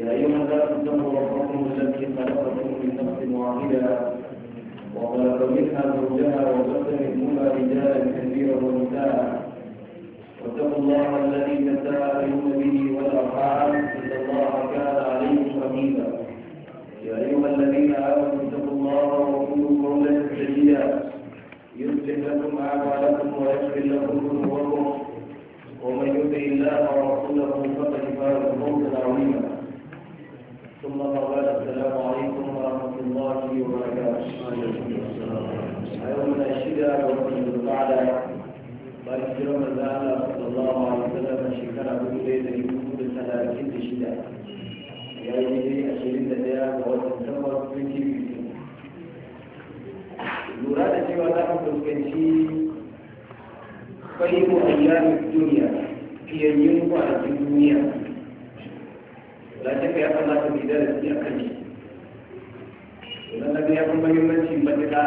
يا أيها ربكم الذي خلقكم من نفس واحدة وخلق منها زوجها وبث منهما رجالا كثيرا ونساء واتقوا الله الذي تساءلون به والأرحام إن الله كان عليكم يا أيها الذين آمنوا اتقوا الله وكونوا قولا سديدا يصلح لكم أعمالكم ويغفر لكم ذنوبكم ومن يطع الله ورسوله فقد فاز فوزا عظيما ثم قال السلام عليكم ورحمة الله وبركاته أيوم الشدة ومن القعدة بارك جرم الزهنة صلى الله عليه وسلم شكرا بوليد لكم ثلاثين شدة يعني أشرين لديها وتسمى بنتي lura da cewa za mu fuskanci kai ايام الدنيا هي ينفع kwanakin duniya lakin ya ta mu da shi a kan shi idan na ga ya kuma muhimmanci matuƙa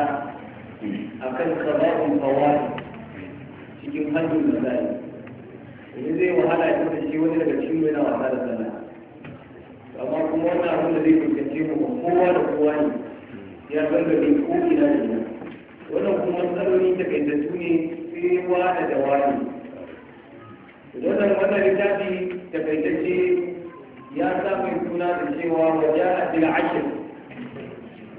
a kan sababin fawari cikin hannun da zai idan zai wahala ya kusa shi wani daga cikin yana wasa da sana amma kuma wannan abin da zai fuskance mu kowa da kowa ne ya gangare ko ina da ina wannan kuma matsaloli takaitattu ne sai wani da wani idan wannan littafi takaitacce يا سامي فلان سوى وجاءت العشر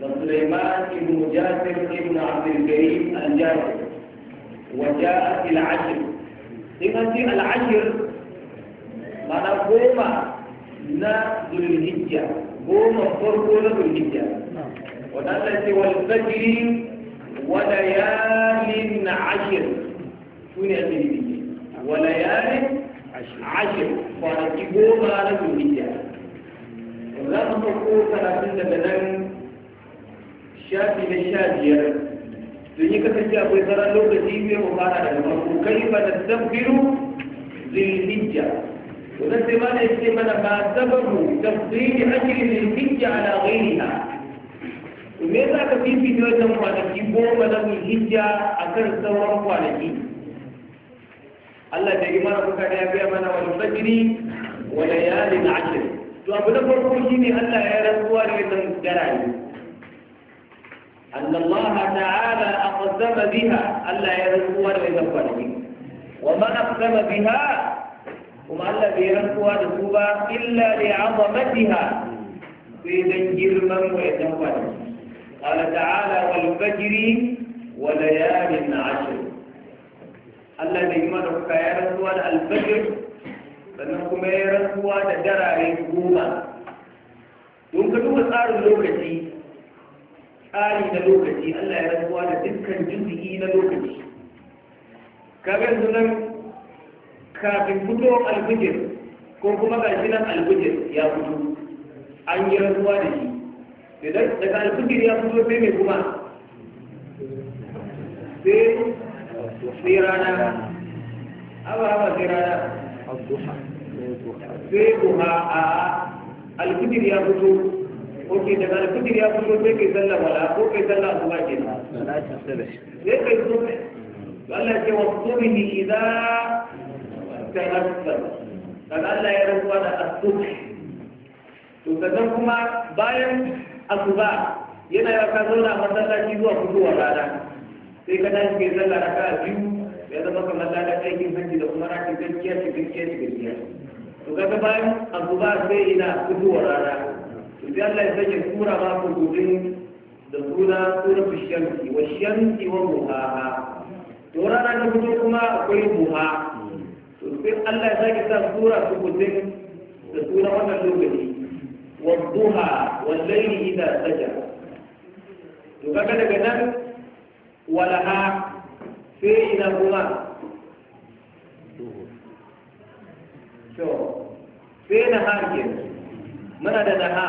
لسليمان بن جاسم بن عبد الكريم الجاسر وجاءت العشر في العشر معنى قوما نا ذو الهجة قوما فرقوا ذو الهجة ونالت والفجر وليال عشر شو يعني وليال عشر kwanaki goma na zulhijja za mu ɗauko karatun daga nan shafi na sha biyar don yi kasance akwai tsaron lokaci bai mu fara daga farko kai ba da tabbiru zulhijja wannan sai ma da yake mana ba sababu tafsiri ajrin zulhijja ala ghairiha to me yasa ka fifita wannan kwanaki goma na zulhijja akan sauran kwanaki Allah da yi mana mutane ya gaya mana wani fajiri wa layalin ashir to abu na farko shine Allah ya rantsuwa da أن الله تعالى أقسم بها ألا يرزقها لغير وما أقسم بها وما ألا يرزقها لغوبة إلا لعظمتها في ذنجر من ويتوبة قال تعالى والفجر وليال عشر Allah bai yi mana kuka ya rantsuwa da alfajir sannan kuma ya rantsuwa da darare goma don ka duba tsarin lokaci tsari na lokaci Allah ya rantsuwa da dukkan juzi'i na lokaci ka yanzu nan kafin fito alfijir ko kuma gashi nan alfijir ya fito an yi rantsuwa da shi daga alfijir ya fito sai mai kuma sai firana aba aba firana abduha sai duha a alfitir ya fito oke daga alfitir ya fito sai kai sallah wala ko kai sallah asuba ke na sai kai sunne Allah ce wa subhi idza tanaffal dan Allah ya rantsuwa da asubhi to kaga kuma bayan asuba yana ya zauna masallaci zuwa wa rana sai ka tashi kai sallah raka biyu ya zama kamar ladan aikin hajji da kuma raki gaskiya ci gaskiya ci gaskiya to kaga bayan ba sai ina fitowar rana to sai Allah ya sake tura ba ku gudun da suna suratul shamsi wa shamsi wa muhaha to rana ta fito kuma akwai muha to sai Allah ya sake sa sura su gudun da suna wannan lokaci wa duha wal layli idha saja to kaga daga nan Wala ha? Sai ina kuma? Fena hakin? Muna da da ha?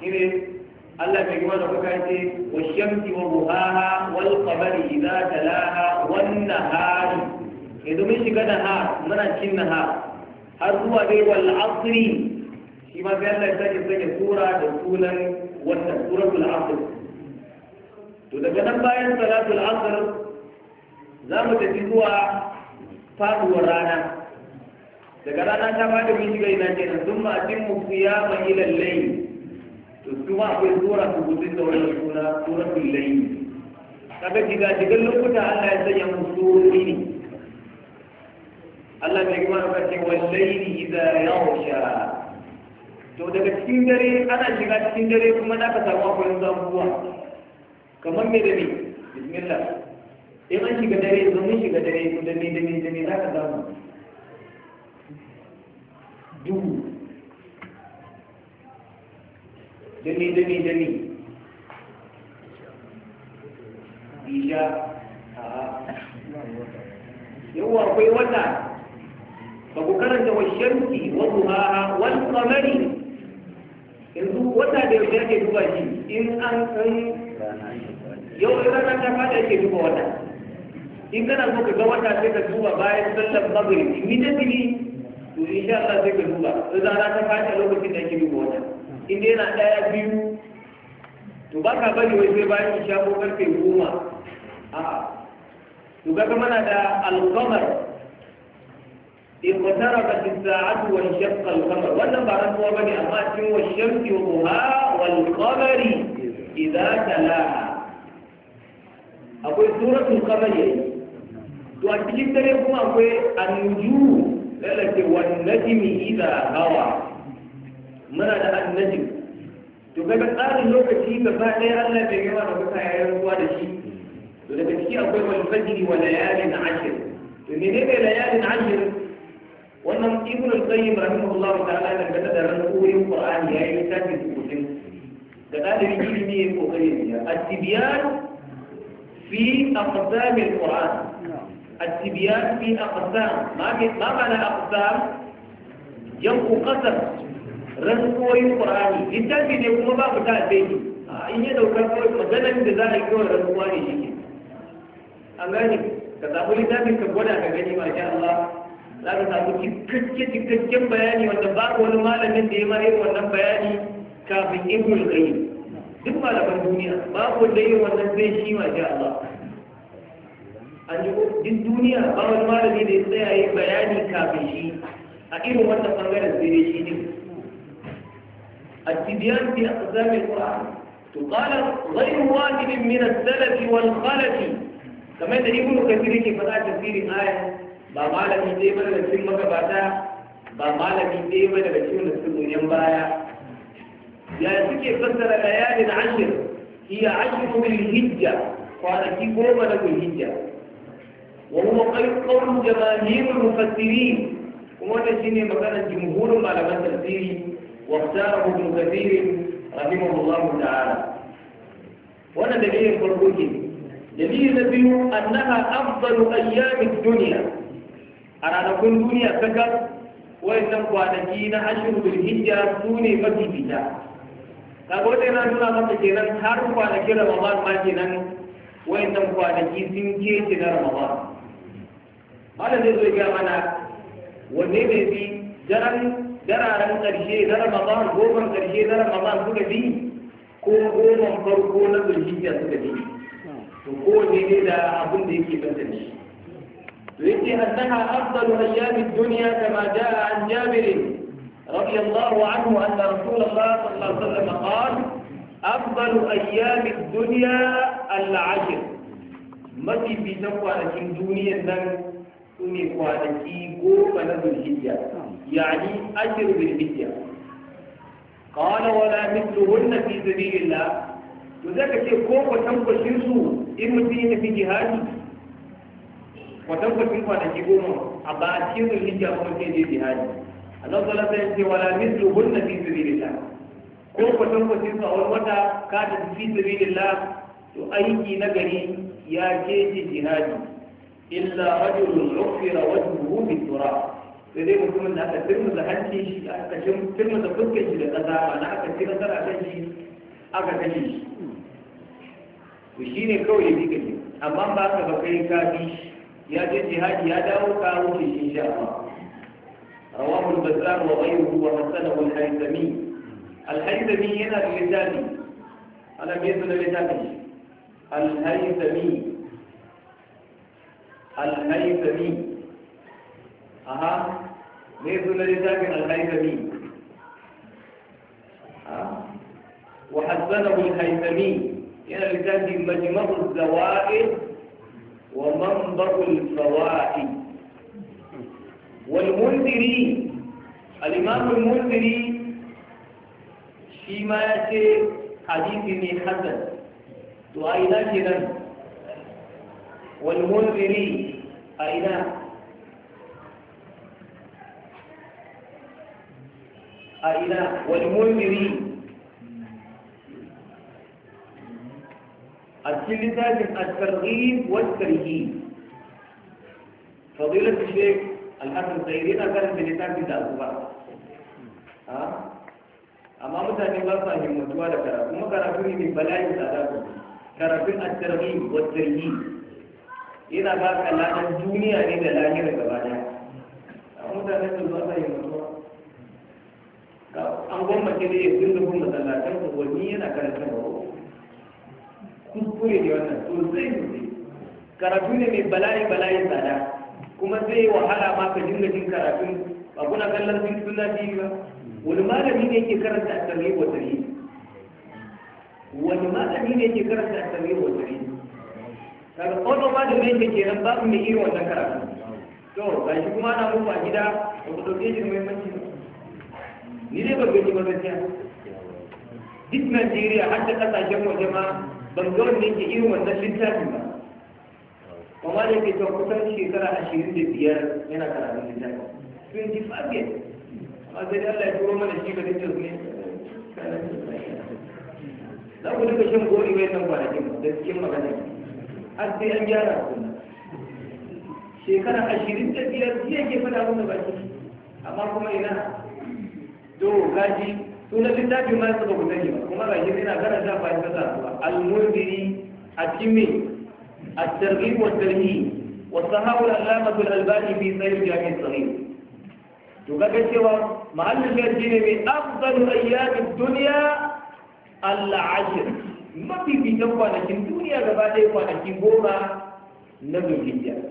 Hira Allah ke ƙi wani ma ka ce. Wa shanke wa ma ha? Wani faɗa na gida ta laha. Wannan ha? Sai eh, domin shiga da ha? Muna cin da ha? Har zuwa be wala asiri? Shima Bello ya sanya sanya kura da sunan wannan surar da lafiyar. to daga nan bayan salatul asr za mu tafi zuwa faduwar rana daga rana ta fada mun shiga ina kenan sun ma atin mu qiyama ila al-layl to kuma akwai sura ta gudun da wannan suna suratul layl kaga diga digan lokuta Allah ya sanya mu su ne Allah ya kuma ka ce wal layli idha yawsha to daga cikin dare ana shiga cikin dare kuma na ka samu akwai zambuwa kamar me da me bismillah in an shiga dare yanzu mun shiga dare to da dami da da za ka samu duhu da dami da me da yawa akwai wata ba ku karanta wa shamsi wa duhaha wal qamari yanzu wata da ya ke duba shi in an san yau da ranar ta fada yake duba wata in kana so ka ga wata sai ka duba bayan sallar magrib ni da bini to in sha Allah sai ka duba da zara ta fada lokacin da yake duba wata in dai na daya biyu to ba ka bari wai sai bayan isha ko karfe goma a to ga kuma na da alqamar in qatara ka sa'atu wa shaqqa alqamar wannan ba ran kowa bane amma cin wa shamsi wa duha wal qamari idza talaha akwai suratul qamari to a cikin dare kuma akwai annuju lalace wan najmi idha hawa muna da annajim to kaga tsarin lokaci gaba ɗaya Allah bai yawa da kuka yayin ruwa da shi to daga ciki akwai wal fajri wa layalin ashir to menene layalin ashir wannan ibn al-qayyim rahimahullahu ta'ala da kada da rantsuwar qur'ani yayin tafi da da dalibin ilimi ya kokari ya at-tibyan في أقسام القرآن التبيان في أقسام ما معنى أقسام جمع قسم في قرآني ما يقوم باب تأتيه إن يدو قوي مجانا من ذلك يكون رنقواني أمانك أماني كتابوا لذلك كبولا كغني ما شاء الله لا ka samu كتك cikakken bayani wanda babu wani malamin da ya mara irin wannan bayani duk malaman duniya babu wanda yin wannan zai shi ma ji Allah an ji duniya ba wani malami da ya tsaya yi bayani kafin shi a irin wannan bangaren sai dai shi ne التبيان في أقسام القرآن تقال غير واجب من Kamar da كما يدري ابن كثير في فتاة تفسير آية ba malami ɗaya ba da cikin magabata ba malami ɗaya ba daga da su baya ya suke fassara layalin ashir hiya ashru bil hijja kwanaki goma na bil hijja wa huwa qawlu jamaahir al mufassirin kuma wannan shine maganar jumhurin malaman tafsiri wa ikhtarahu ibn kathir rahimahullahu ta'ala wannan dalilin farko ne dalili na biyu annaha afdalu ayyamid dunya a ranakun duniya ta kan wayannan kwanaki na ashirin bil hijja sune mafi fita kaga wata yana nuna maka kenan har kwanaki ramadan ma kenan dan kwanaki sun kece da ramadan malam zai zo ya mana wanne ne bi daren dararen karshe na ramadan goman karshe na ramadan suka bi ko goman farko na zulhijja suka bi to kowanne ne da abin da yake banta shi to yake annaha afdalu ayyamid dunya kama jaa an jabirin رضي الله عنه أن رسول الله صلى الله عليه وسلم قال أفضل أيام الدنيا العشر ما في في نقوانك الدنيا نن سني قوانك قوم ذو الحجة يعني أجر بالحجة قال ولا مثلهن في سبيل الله وذاك شيء قوم وتنقشن سوء إن في في جهاد وتنقشن قوانك قوم أبا أشير الحجة ومسير جهاد Allah ta lafa yace wala mithlu hunna fi sabilillah ko kwatan kwatan sa wani wata ka da fi sabilillah to aiki na gari ya keji jihadi illa rajulun ukhira wajhuhu bi turab sai dai mutumin da aka turmuza hanci shi aka turmuza fuskar shi da kasa ma'ana aka ci nasara kan shi aka kashe shi to shi kawai ya bi amma ba ka ba kai ka bi ya je jihadi ya dawo ka wuce shi sha Allah رواه البزار وغيره وحسنه الهيثمي الهيثمي هنا اللساني أنا بيزن اللساني الهيثمي الهيثمي أها بيزن اللساني الهيثمي أه؟ وحسنه الهيثمي هنا اللساني مجمع الزوائد ومنبر الفوائد والمنذري الإمام المنذري فيما يأتي حديث حسن وأين كذا والمنذري أين أين والمنذري الثالثة الترغيب والترهيب فضيلة الشيخ alhassan sai yana karanta littafi da azuba amma mutane ba sa mutuwa da karatu kuma karatu ne mai bala'i da zaku karatun at-tarhi wa yi, yana ba ka ladan duniya ne da lahira gaba daya mutane su ba sa himmatuwa an gwamnati ne ya dinga bin masallatan su wani yana karanta ba kuskure ne wannan sosai sosai karatu ne mai bala'i bala'i tsada kuma zai wahala ma ka dinga jin karatun ba kuna kallon sun suna ji ba wani malami ne yake karanta a tarhe wa tarhe wani malami ne yake karanta a tarhe wa tarhe daga kwallo ba da mai ke kenan ba mu iya wannan karatu to ba shi kuma na muku a gida ba ku dauke shi da muhimmanci ba ni dai ba gani ba gaskiya duk najeriya har da kasashen waje ma ban ga wanda yake irin wannan littafin ba kuma da ke ta kusan shekara ashirin da biyar yana da littafi Tun five years amma sai da Allah ya turo mana shi ga da su ne za ku duka shan gori bai san kwanakin da cikin magana har sai an gyara kuma shekara ashirin da biyar jiya ke fada mun da baki amma kuma ina to gaji sunan littafi ma su ba ku sani ba kuma gaji yana karanta ba ya fasa ba al-murdiri a cikin الترغيب والترهيب والصحاب العلامة الألباني في سير الجامع الصغير تقول سوى معلم الجنبي أفضل أيام الدنيا العشر ما في في تقوى لكن الدنيا لبعد ولكن بوما نبي جدا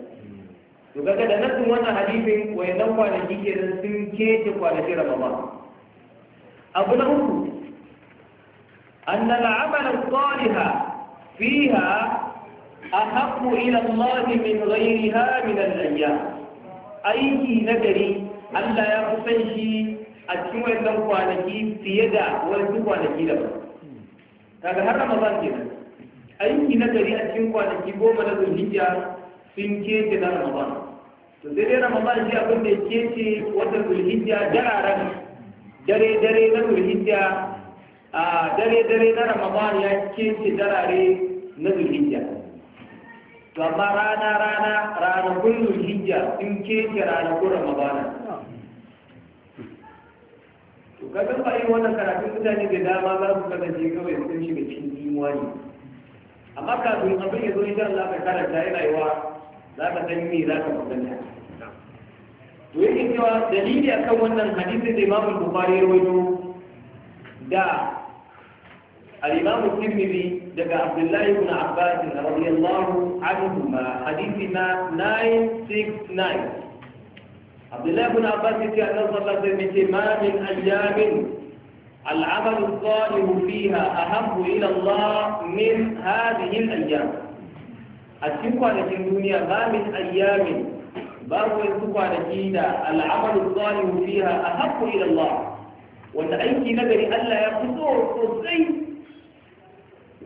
تقول كده نفس وانا حديث وينوى لكي سنكيت ولكي رمضان أبو نقول أن العمل الصالح فيها أحق إلى الله من غيرها من الأيام أيكي نجري ألا يقصن شيء أتشوى تنقوانكي في يدا ولتنقوانكي لبا هذا هر رمضان كده أيكي نجري أتشوى goma na zulhijja sun keke na Ramadan to sai dai Ramadan shi abin da keke wata zulhijja dararen dare dare na zulhijja a dare dare na Ramadan ya keke darare na to amma rana rana kullu hijja in rana ko ramadana to ka ga bai wannan karatun mutane da dama za su kasance kawai sun shiga cikin jimuwa ne amma kafin abin ya zo idan Allah ka karanta yana yiwa za ka san me za ka magana to yake cewa dalili akan wannan hadisi da Imam Bukhari ya rawaito da al-Imam Tirmidhi جاء عبد الله بن عباس رضي الله عنهما حديثنا 969 عبد الله بن عباس كان صلى الله من أيام العمل الصالح فيها أهم إلى الله من هذه الأيام أشكوا على الدنيا ما من أيام بارو يسكوا على العمل الصالح فيها أهم إلى الله وأن أي نجري ألا يقصر قصير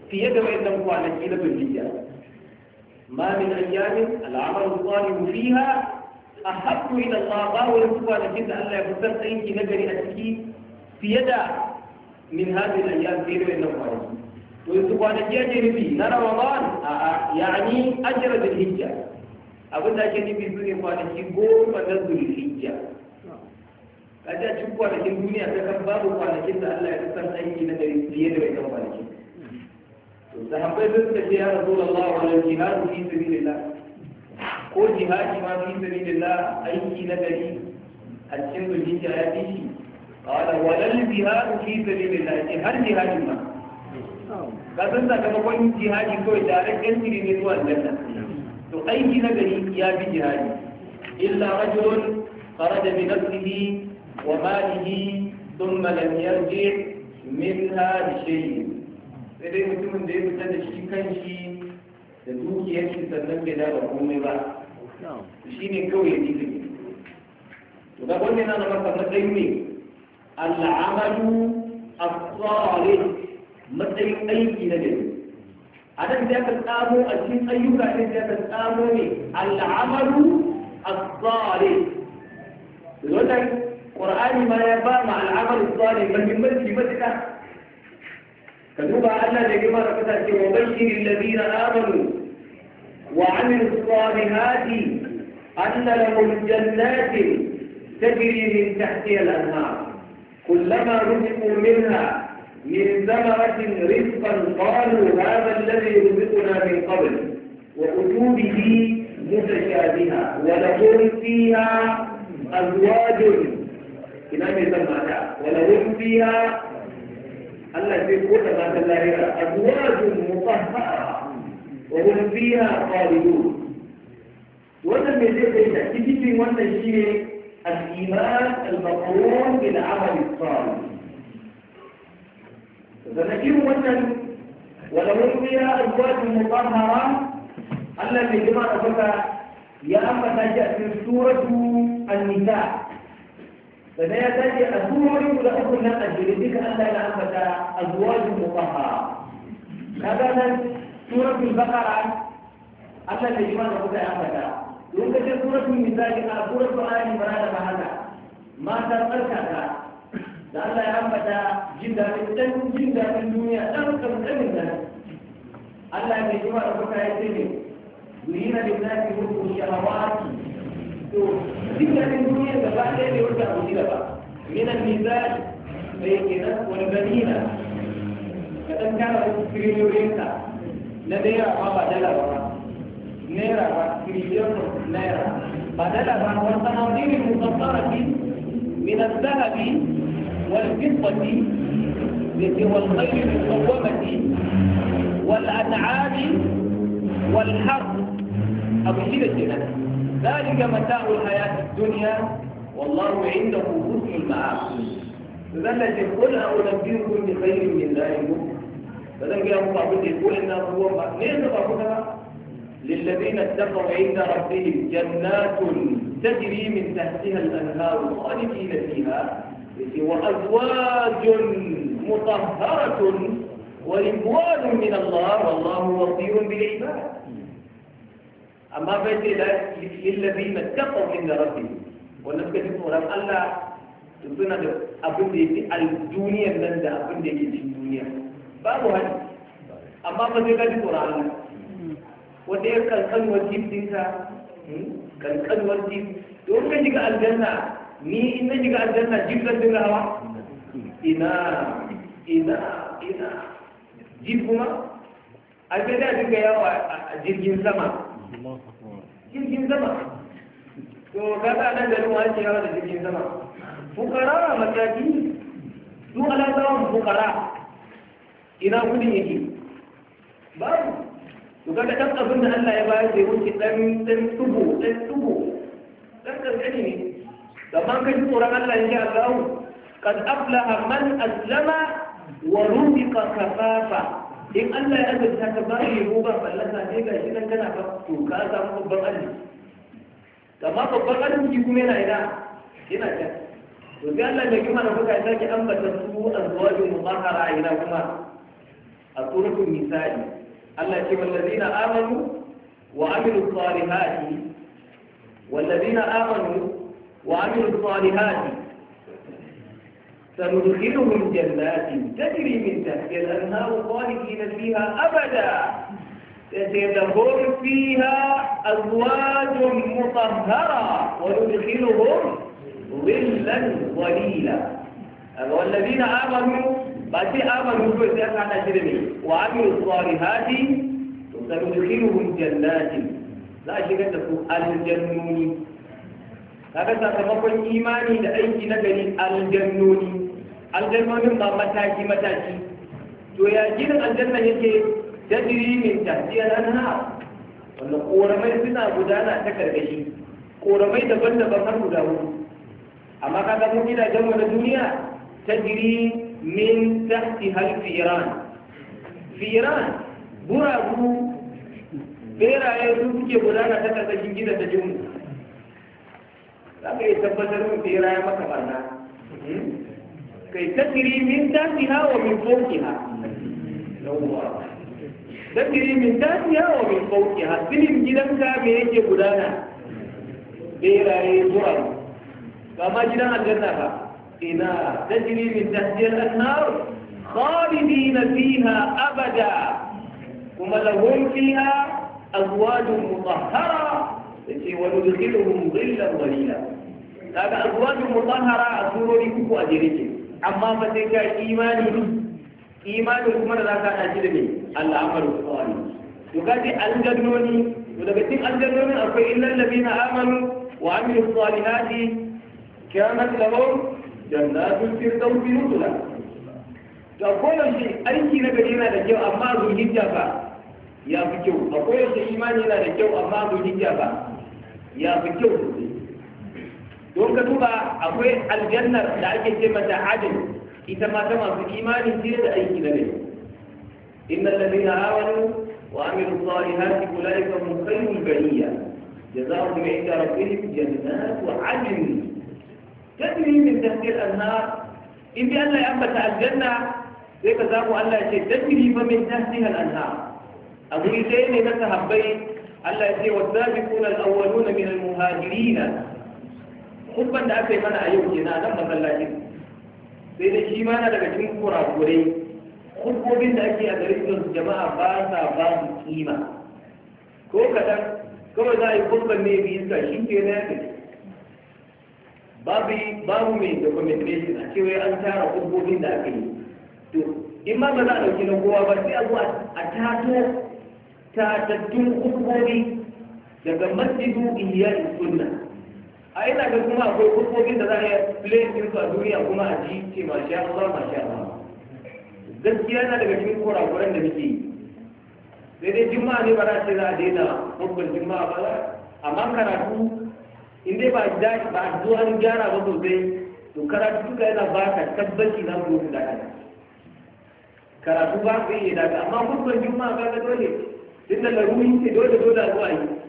في يد من تنفع نجيلة الدنيا ما من أيام العمل الظالم فيها أحب إلى الله باو لتنفع نجيلة ألا يفتر سيك نجري أتكي في يد من هذه الأيام في يد من تنفع نجيلة ويتنفع نجيلة جريبي نرى رمضان آه، آه، يعني أجر الهجة أبدا لك أني بيزوني فانكي قول فنزل الهجة أجا تنفع نجيلة أتكبر فانكي ألا يفتر سيك نجري في يد من تنفع نجيلة sahabbai sun tafi ya rasulullah wa jihadu fi sabilillah ko jihadi ma fi sabilillah aiki na gari a cikin zuciya ya fi shi qala wa lal jihadu fi sabilillah ce har jihadi ma ka san sakamakon jihadi kawai tare kan tiri ne zuwa aljanna to aiki na gari ya fi jihadi illa rajulun kharaja bi nafsihi wa malihi ثم لم يرجع منها بشيء sai dai mutumin da ya fita da shi kanshi da dukiyar shi sannan bai da komai ba shi ne kawai ya ji gani to ga wannan na masa matsayin ne al'amalu a salih matsayin aiki na gari a nan da ka tsamo a cikin ayyuka ne da ka tsamo ne al'amalu a salih wannan qur'ani ma ya ba ma al'amalu as-salih muhimmanci matuƙa فدوبا ألا نجمع ركتك وبشر الذين آمنوا وعملوا الصالحات أن لهم جنات تجري من تحتها الأنهار كلما رزقوا منها من ثمرة رزقا قالوا هذا الذي رزقنا من قبل وأتوبه متشابهة ولهم فيها أزواج إمام المعنى ولهم فيها الله يقول ما الله أزواج مطهرة وهم فيها خالدون wannan mai zai kai da cikin wannan shi ne al-iman al-maqrun bil amal salih sannan irin wannan wala mun biya azwaj mutahhara Allah mai jima ka baka ya ambata shi a cikin suratu an-nisa sannan ya sake a zuwoyi guda uku nan a jere duka Allah ya ambata azwajin Ka ga nan suratul baqara Allah da imani kuka ya ambata lokacin suratul misali a suratul ali mara da mahaka mata tsarkaka da Allah ya ambata jin daɗin ɗan jin daɗin duniya ɗan ƙanƙanin nan Allah mai jima da kuka ya ce ne yurina lillahi mulku shahawati جدا من الدنيا تفعل لا يرجع مثيلة بقى من الميزان بيننا والبنينا فإن كان تريليونين لدينا ما بدل بقى نيرا بقى نيرا بدل بقى والتناظير المصدرة من الذهب والفضة التي هو الخير المقومة والأنعام والحرب أبو شيء الجنة ذلك متاع الحياة الدنيا والله عنده حسن المعاصي فذلك قل أنبئكم بخير من ذلك فذلك يقول أقول يقول إن هو ليس بقولها للذين اتقوا عند ربهم جنات تجري من تحتها الأنهار خالدين فيها وأزواج مطهرة ورضوان من الله والله وصير بالعباد amma bai ce da lillabi na taɓa inda rabbi wannan suka ji tsoron Allah to suna da abin da yake al duniyar nan da abin da yake cikin duniya babu hali amma ba zai gaji tsoron Allah wanda ya kalkanuwar jif ɗinka hmm, kalkanuwar jif don ka shiga aljanna ni in na shiga aljanna jif zan dinga hawa ina ina ina jif kuma a sai da dinga yawa a jirgin sama jirgin to ka ta nan garin wa ake yawa da jirgin sama fukara mataki su alaƙawan fukara ina yake babu to kaga ɗan abin da Allah ya bayar da wuce ɗan ɗan tubo ɗan tubo ɗan kankani ne gaban ka ji tsoron Allah ya yi Allahu kad aflaha man aslama wa rubika kafafa in Allah ya azurta ka ba ni roba fallasa sai ga shi nan kana ba to ka samu babban arziki amma babban arziki kuma yana ina yana ta. to sai Allah ya kuma na kuka ya sake ambata su azwajin mutahhara ina kuma a suratul misali Allah ce wallazina amanu wa amilu salihati wallazina amanu wa amilu salihati سندخلهم جنات تجري من تحت الأنهار خالدين فيها أبدا سيدخل فيها أزواج مطهرة وندخلهم ظلا ظليلا والذين آمنوا بعد آمنوا بالذات على جرمي وعملوا الصالحات سندخلهم جنات لا شك الجنون هذا سبب imani لاي aiki na aljannonin ba mataki mataki to ya gidan aljanna yake jadiri min tasiyar anha wanda koramai suna gudana ta karkashi koramai daban-daban har guda hudu amma kaga mun gidajen mu na duniya tajri min tahti hal firan firan guragu beraye su suke gudana ta karkashin gidan ta jimu za ka yi tabbatar mun beraye maka barna hmm? كي تجري من تحتها ومن فوقها تجري من تحتها ومن فوقها سلم جدنك يجي بدانا بيرا زرعي إيه فما جدنا الجنة إنا تجري من تحتها الأنهار خالدين فيها أبدا وما لهم فيها أزواج مطهرة وندخلهم ظلا ظليلا هذا أزواج مطهرة سورة لكم أجركم amma ba sai ka imani imani kuma da za ka haɗa shi da me Allah amaru tsawani to ka ce aljannoni to daga cikin aljannonin akwai illal ladina amanu wa amilu salihati kanat lahum jannatul firdausi nuzula to koyaushe aiki na gari yana da kyau amma zulhijja ba ya fi kyau a koyaushe imani yana da kyau amma zulhijja ba ya fi kyau don ka duba akwai aljannar da ake ce mata adin ita mata masu imanin ce da aiki na gari innal ladina amanu wa amilu salihati ulaika hum khayrul bariya jazaohum da rabbihim jannatu adin tajri min tahtiha al-anhar in bi Allah ya ambata aljanna sai ka zaku Allah ce tajri fa min tahtiha al-anhar a guri ɗaya ne na sahabbai Allah ya ce wasabiquna al-awwaluna min al-muhajirin hubban da aka yi mana a yau na nan masallaci sai da shi ma na daga cikin kurakurai hubbobin da ake a garin jama'a ba sa ba su kima ko kadan kawai za a yi hubban ne bi iska shi ke na yadda babu babu mai documentation a cewa an tara hubbobin da aka yi to in ma ba za a ɗauki na kowa ba sai a zo a tato tatattun hubbobi daga masjidu iyayen sunna a yana ga kuma akwai kurkokin da za a yi plane su a duniya kuma a ji ce mashi Allah mashi Allah gaskiya na daga cikin kurakuran da muke yi sai dai juma'a ne ba za a ce za a daina babban juma'a ba za amma karatu in dai ba ba zuwa an gyara ba sosai to karatu duka yana ba ka tabbaci na mu da kana karatu ba su yi da amma babban juma'a ba ga dole tunda laruri ce dole dole a zuwa yi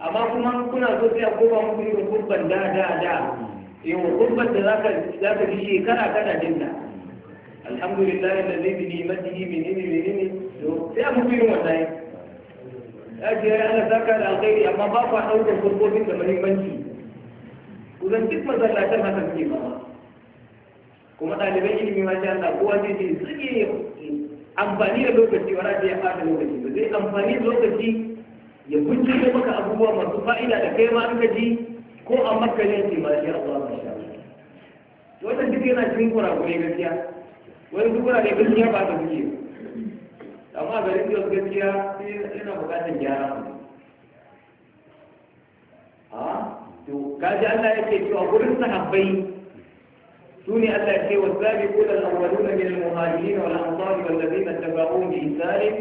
amma kuma kuna so sai a koma muku irin gurban da da da yawa gurban da za ka ji shekara kana dinna alhamdulillah zai bi ni'matihi yi ni min ni to sai muku irin wannan ya ce ya ana zaka da alkhairi amma ba ku daukar gurbobin da muhimmanci kusan duk masallatan haka suke ba kuma ɗaliban ilimi ma sha Allah kowa zai ce suke amfani da lokaci wani ya fata lokaci ba zai amfani da lokaci ya bincike maka abubuwa masu fa'ida da kai ma ka ji ko a maka ne ce ma shi Allah ma sha wannan duk yana cikin kurakure gaskiya wani duk kurare gaskiya ba ta kuke amma garin yau gaskiya yana bukatar gyara a to kaji Allah yake cewa gurin sahabbai سوني ألا شيء والسابقون الأولون من المهاجرين والأنصار والذين اتبعوهم بإحسان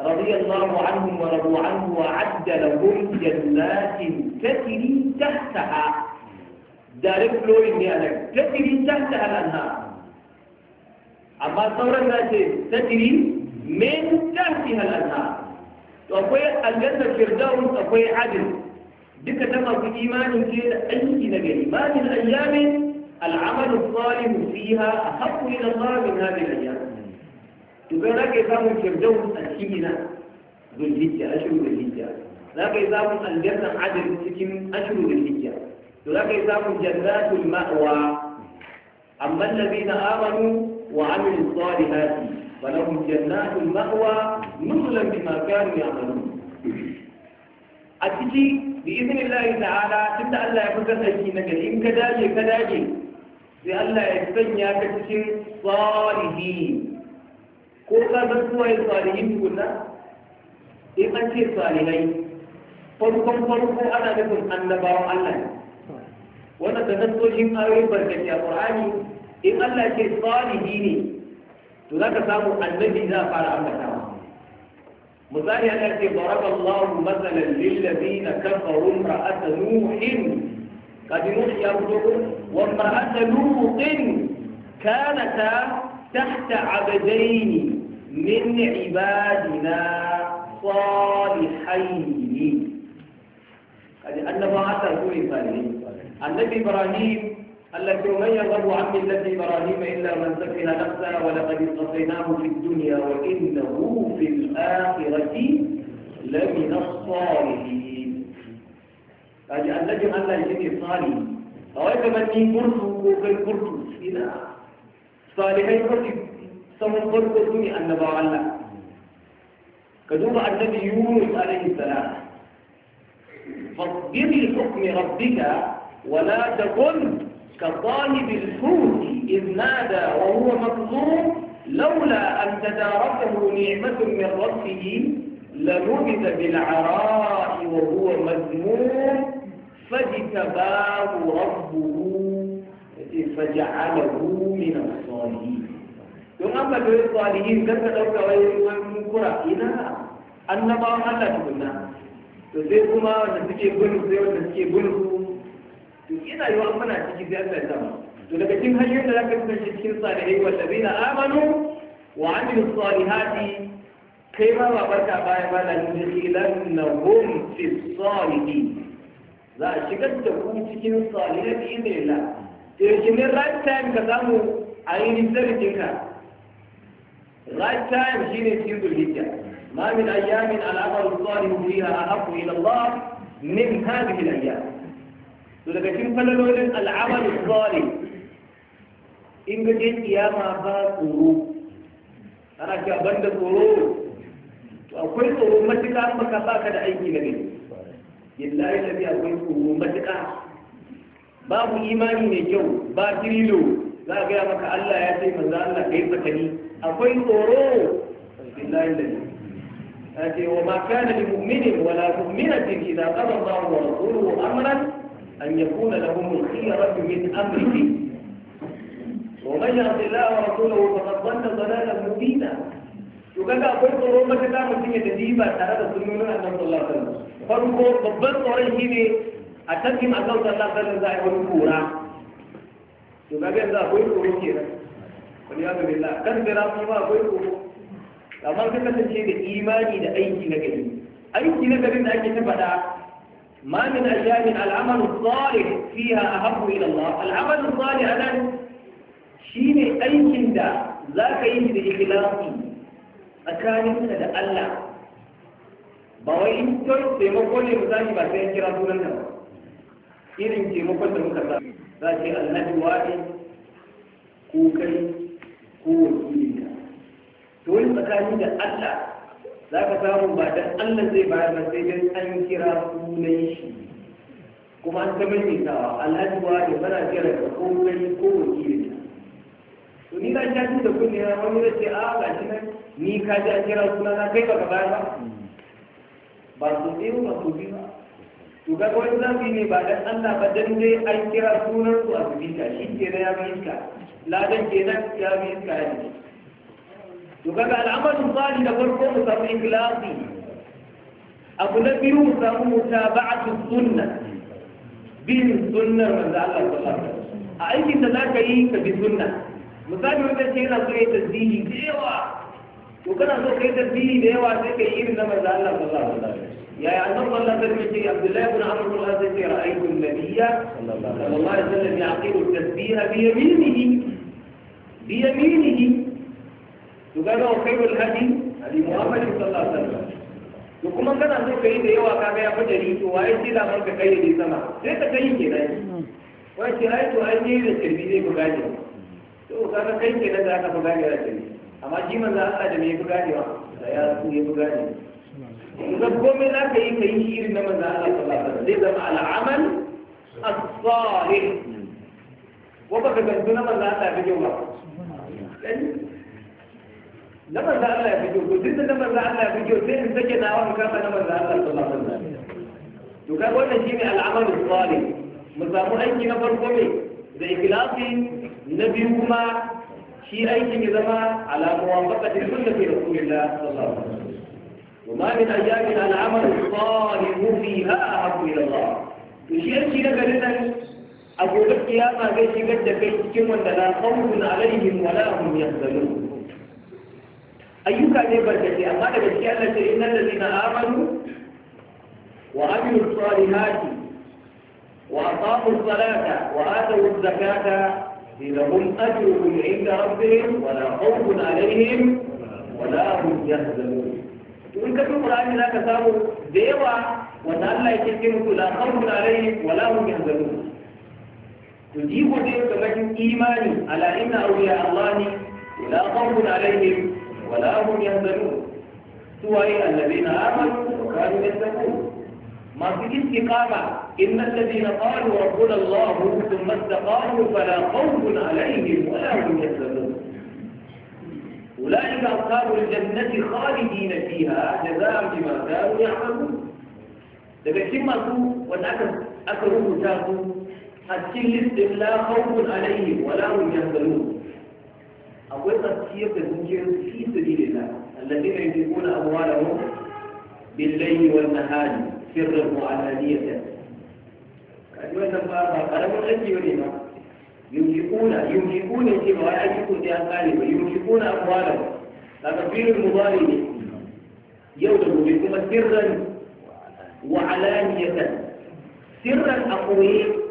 رضي الله عنهم ورضوا عنه وعد لهم جنات تجري تحتها دارك لو اني تجري تحتها الانهار اما صورة ذاتي تجري من تحتها الانهار وقوي الجنة فردوس وقوي عدل بك تم في إيمان كيد أي نبي ما من أيام العمل الصالح فيها أحق إلى الله من هذه الأيام to zai za ka yi samun firdaus a cikin ina zulhijja ashiru zulhijja za ka yi samun aljannan adal cikin ashiru zulhijja to za ka yi samun jannatul ma'wa amma allazina amanu wa amilu salihati فلهم جنات المأوى نزلا بما كانوا يعملون a ciki da izinin Allah ta'ala tun da Allah ya fi kasance na gari in ka dage ka dage sai Allah ya sanya ka cikin salihi ko ka san suwaye salihin tukunna in an ce salihai farkon farko ana nufin annabawan Allah ne wannan da nassoshin ayoyin barkaci a Qur'ani in Allah ke salihi ne to zaka samu annabi za a fara ambatawa misali ana ce baraka Allahu masalan lil ladina kafaru imra'at nuhin kadi nuh ya fito wa imra'at nuhin kanata tahta abdaini من عبادنا صالحين قد أنما أتى كل صالحين النبي إبراهيم التي من يغضب عن ملة إبراهيم إلا من سكن نفسه ولقد اصطفيناه في الدنيا وإنه في الآخرة لمن الصالحين أن نجم أن يجد صالح فويك من يكون في الكرسي إلى صالحين كرسي sahun farko الدنيا ne annabawa Allah ka duba annabi Yunus alaihi salam فاصبر لحكم ربك ولا تكن كطالب الحوت إذ نادى وهو مظلوم لولا أن تداركه نعمة من ربه لنبذ بالعراء وهو مذموم فاجتباه ربه فجعله من الصالحين don an ba da salihin kan ka dauka wai wani kura ina annabawan Allah tukuna to sai kuma wanda suke gudu sai wanda suke gudu to ina yi wani mana ciki sai Allah ya to daga cikin hanyoyin da ka kasance cikin salihai na amanu wa amilus salihati kai ma ba barka baya ba da yudkhilannahum fi salihin za a shigar da ku cikin salihai ne la to shi ne right time ka samu a yi sarkin ka right time ne cikin zulhijja ma min ayyamin al'amalu salihu fiha ahabbu ila Allah min hadhihi al-ayyam to daga cikin falalolin al'amalu salih in ga je kiyama ba tsoro ana cewa banda tsoro to akwai tsoro matuƙa maka baka da aiki na gani illahi tafi akwai tsoro matuƙa babu imani mai kyau ba tirilo za a gaya maka Allah ya ce manzo Allah kai fatani أقول أورو بالله الذي أتي وما كان لمؤمن ولا مؤمنة إذا قضى الله ورسوله أمرا أن يكون لهم الخيرة من أمره ومن يعص الله ورسوله فقد ضل ضلالا مبينا يقول أقول أورو ما تتعلم فيه تجيبا تعالى سنونا أن صلى الله عليه وسلم فرقوا ضبط طريقين أتكلم أن صلى الله عليه وسلم ذاهب الكورة يقول أقول أورو كيرا wani ya gabe Allah kan da rafi ma akwai koko amma ka kasance da imani da aiki na gari aiki na garin da ake ta faɗa ma min ajami al'amalu salih fiha ahabbu ila Allah al'amalu salih anan shine aikin da zaka ka yi da ikhlasi tsakaninka da Allah ba wai in kai taimako mu ba za ki ba sai kira sunan nan irin taimakon da muka sa za ce annabi wani ko kai ko wakilinka to wani tsakani da Allah za ka samu ba dan Allah zai bayar ba sai dan an kira sunan shi kuma an ta maimaitawa alhaji wa da bana kira ka ko kai ko wakilinka to ni ka ja da kunne na wani ya ce a ah, ga shi nan ni ka ji an kira sunan na kai baka bayar ba ba su ɗaya ba su biyu ba to ga wani zafi ne ba dan Allah ba dan dai an kira sunan su a rubuta shi ke da ya bi لا دنجينك يا مين كهدي وقال العمل الصالح لفرقه مصر إخلاقي أبو نبي روسى متابعة السنة بين السنة من ذا الله صلى الله عليه وسلم أعيش تلاكيك بسنة مثال يقول لك شيئا صلية الدين ديوة وقال صلية الدين ديوة تكيير نما ذا الله صلى الله عليه يا يا الله صلى الله عليه وسلم عبد الله بن عمر بن العزيز رأيت النبي صلى الله عليه وسلم يعقل التسبيح بيمينه بيمينه وقال هو خير الهدي هدي محمد صلى الله عليه وسلم kuma kana so ka yi da yawa kaga ya fi dari to waye sai da ka kai da sama sai ka kai ke nan wai ce ai an yi da buga to kai ke nan da aka buga ne da amma shi manzo Allah da me ya buga ne da ya su buga komai ka yi ka irin na za a zai zama al'amal na manzo Allah ya fi ko duk da manzo Allah ya fi sai in sake na wani kama na manzo Allah sallallahu alaihi wasallam to kaga wannan shine al'amal salih mu samu aiki na farko ne da ikhlasi na biyu kuma shi aikin ya zama ala muwafaqati sunnati rasulillah sallallahu alaihi wasallam وما من أيام العمل الصالح فيها أحب إلى الله. وشيء شيء كذلك a gobe kiyama zai shigar da kai cikin wanda na khawfun alaihim wa la hum yahzanun ayyuka ne barkace amma daga cikin Allah ce da zina amanu wa amilu salihati wa aqamu salata wa atu zakata lahum ajruhum inda rabbihim wa la khawfun alaihim wa la hum yahzanun in ka duba Qur'ani zaka samu da yawa wanda Allah yake ce musu la khawfun alaihim wa la hum yahzanun تجيب ذلك لكن إيماني على إن أولياء الله لا خوف عليهم ولا هم يهزمون سوى الذين آمنوا وكانوا يتقون ما في استقامة إن الذين قالوا ربنا الله ثم استقاموا فلا خوف عليهم ولا هم يحزنون أولئك أصحاب الجنة خالدين فيها جزاء بما كانوا يعملون لكن cikin masu wanda أكرهه تاخذ أتكلم لا خوف عليهم ولا هم يحزنون أقول تفسير تفسير في سبيل الله الذين ينفقون أموالهم بالليل والنهار سرا وعلانية أيوة تفاصيل قالوا أجي ولما ينفقون ينفقون في ولا يجيكم في أموالهم ينفقون أموالهم تكفير المضارع يوجد بكم سرا وعلانية سرا أقويه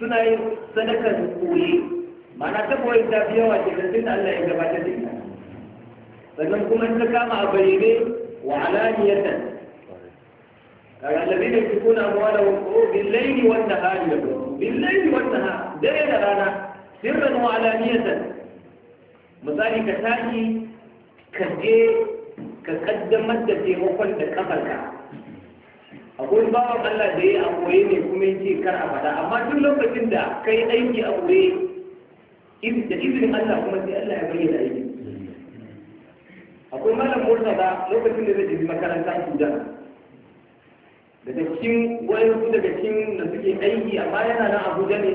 suna yin sadakar koyi mana ta koyi ta fi yawa ce kasin Allah ya gabata da ita sannan kuma ta kama a bayyane wa alaniyatan kaga da bin ku kuna mu wala wa oh, bil layli wa nahari bil layli wanda ha, dare da rana sirran wa alaniyatan misali ka tashi ka je ka kaddamar da taimakon da kafarka akwai bawan Allah da ya aure ne kuma ya ce kar a fada, amma duk lokacin da kai aiki aure da izinin Allah kuma sai Allah ya bayyana aiki akwai malam murtaza lokacin da zai tafi makaranta sudan daga cikin su daga cikin da suke aiki amma yana nan abuja ne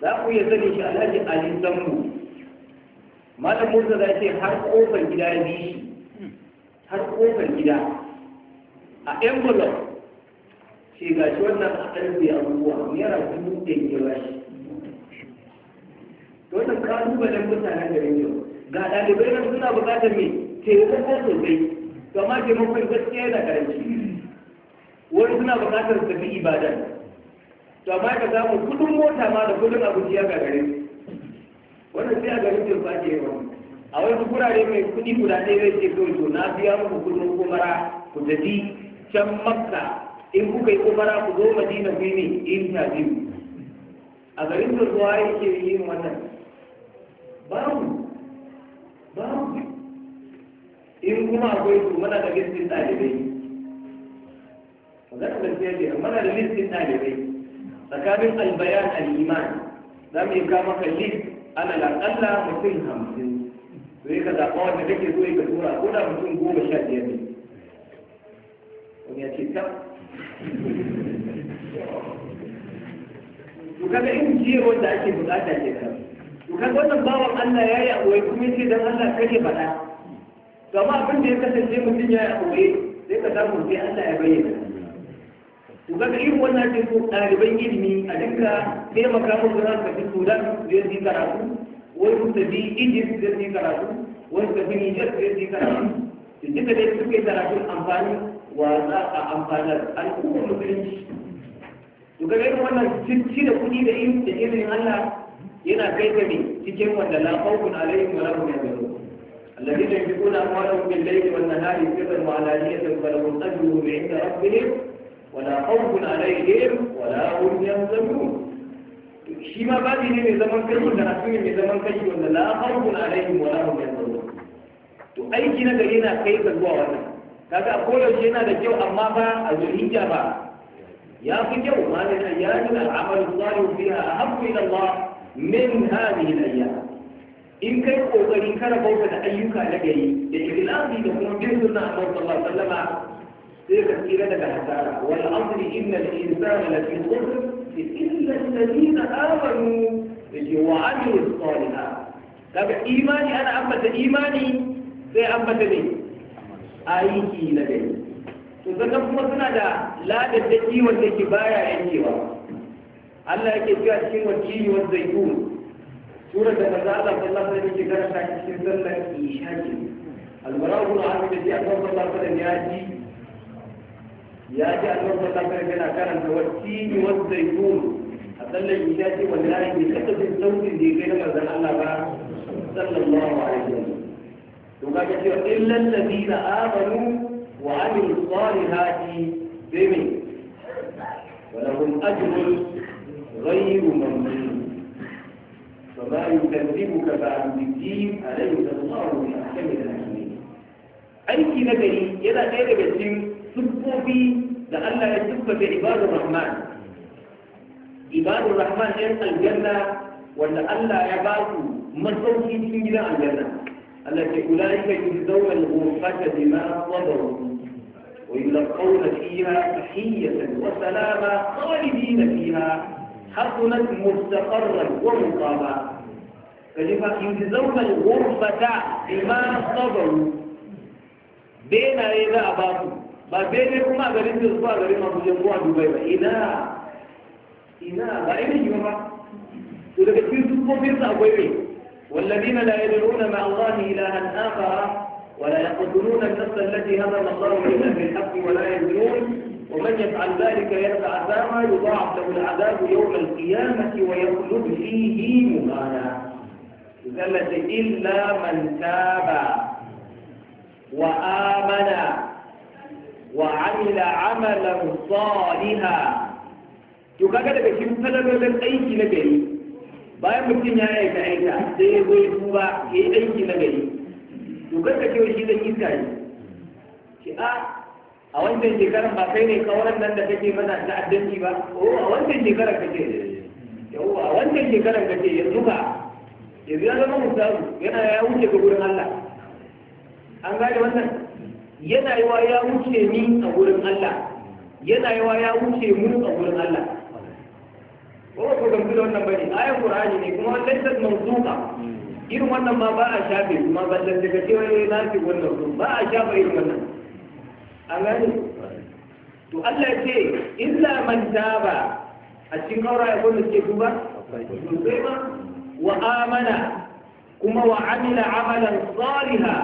za ku iya sani shi alhaji ali zambu malam murtaza ce har kofar gida ya bi shi har kofar gida a envelope shi ga shi wannan a ƙarfe abubuwa naira dubu ɗin ke ba shi wannan don mutanen da rinjo ga ɗalibai nan suna buƙatar me taimako sosai to amma mafi gaskiya yana karanci wani suna buƙatar su fi ibadan to amma ka samu kudin mota ma da kudin abu ya ga garin wannan sai a garin yau ba ke yawan a wasu gurare mai kudi guda ɗaya zai ce kawai to na biya muku kudin kumara ku tafi can makka in kuka yi umara ku zo madina ku ne in ta biyu? a garin da zuwa yake yin wannan babu babu in kuma akwai su mana da listin ɗalibai magana da siya ce mana da listin ɗalibai tsakanin albayan al'iman za mu yi kama ka list ana laƙalla mutum hamsin to yi ka zaɓa wanda kake so yi ka tura ko da mutum goma sha biyar ne wani ya ce ta to kaga in jiye wanda ake bukata ke kan to kaga wannan bawan Allah ya yi aure kuma yace dan Allah kake faɗa to amma abin da ya kasance mutum ya yi aure sai ka samu sai Allah ya bayyana to kaga irin wannan ce ko ɗaliban ilimi a dinka taimaka musu da ka fito dan zai yi karatu wani ku tafi Egypt zai yi karatu wani tafi Niger zai yi karatu to duka dai suke karatun amfani wa za a amfanar al'ummar musulunci to kaga irin wannan cire kuɗi da yin da Allah yana kai ka ne cikin wanda la khawfun alaihim wa la hum yahzanun الذين ينفقون أموالهم بالليل والنهار سرا وعلانية فلهم أجرهم عند ربهم ولا خوف عليهم ولا هم يحزنون shi ma babi ne mai zaman kai wanda asiri mai zaman kai wanda la khawfun alaihim wa la hum to aiki na gari na kai ka zuwa wannan kaga koyaushe yana da kyau amma ba a zulhijja ba ya fi kyau ma da ayyamin al'amal salihu fiha ahabbu ila Allah min hadhihi al-ayyam in kai kokari kana bauta da ayyuka na gari da ikhlasi da kuma bin sunna Annabi sallallahu alaihi wasallam sai ka tsira daga hasara wal asri innal insana lafi khusr illa alladhina amanu wa amilu salihat kaga imani ana ambata imani sai ambata ne aiki na gari to zaka kuma suna da da ladaddaki wanda ke baya yankewa Allah yake cewa cikin wajiyi wa zaitun sura da kaza Allah sallallahu alaihi wasallam ke karanta cikin sallar isha'i albara'ul azim da ya Allah sallallahu alaihi ya ji ya ji Allah sallallahu alaihi yana karanta wajiyi wa zaitun a sallar isha'i wallahi bai kasance sautin da ya kai na manzo Allah ba sallallahu alaihi wasallam ثم كثير إلا الذين آمنوا وعملوا الصالحات بمن ولهم أجر غير ممنون فما يكذبك بعد الدين أليس الله بأحكم الحاكمين أيكي نجري يلا غير بسم سبوبي لأن يسب عباد الرحمن عباد الرحمن أنت الجنة ولا ألا يبعث مسوكي في الجنة التي أولئك يجدون الغرفة بما صبروا ويلقون فيها تحية وسلاما خالدين فيها حقنا مستقرا ومقاما كلمة يجدون الغرفة بما صبروا بين إذا أبادوا ما بينكم ما بين الصلاة بين ما بين تجمعوا دبي إذا إذا بعدين يوما إذا كنتم تقولون أبوي والذين لا يدعون مع الله إلها آخر ولا يقتلون النفس التي هدم الله بها بالحق ولا يدعون ومن يفعل ذلك يدفع عذابا يضاعف له العذاب يوم القيامة ويخلد فيه مهانا ذلت إلا من تاب وآمن وعمل عملا صالحا يبقى لك بشيء فلا بد أي bayan mutum ya aika aika sai ya zo ya tuba ya yi aiki na gari to kanka kewa shi zai iska ne shi a a wancan shekarar ba kai ne kawaran nan da kake mana addanci ba o a wancan shekarar kake yawwa a wancan shekarar kake yanzu ka yanzu ya zama musabu yana ya wuce ga gurin Allah an gane wannan yana yawa ya wuce ni a gurin Allah yana yawa ya wuce mu a gurin Allah ko ku da da wannan bane ayan qur'ani ne kuma wannan tas mawdu'a irin wannan ma ba a shafe kuma ballan daga cewa ne eh, na fi wannan ba a shafe irin wannan an gani to Allah ya ce illa man taba a cikin kaura ya gwamnati ke duba to sai wa amana kuma wa amila amalan tsariha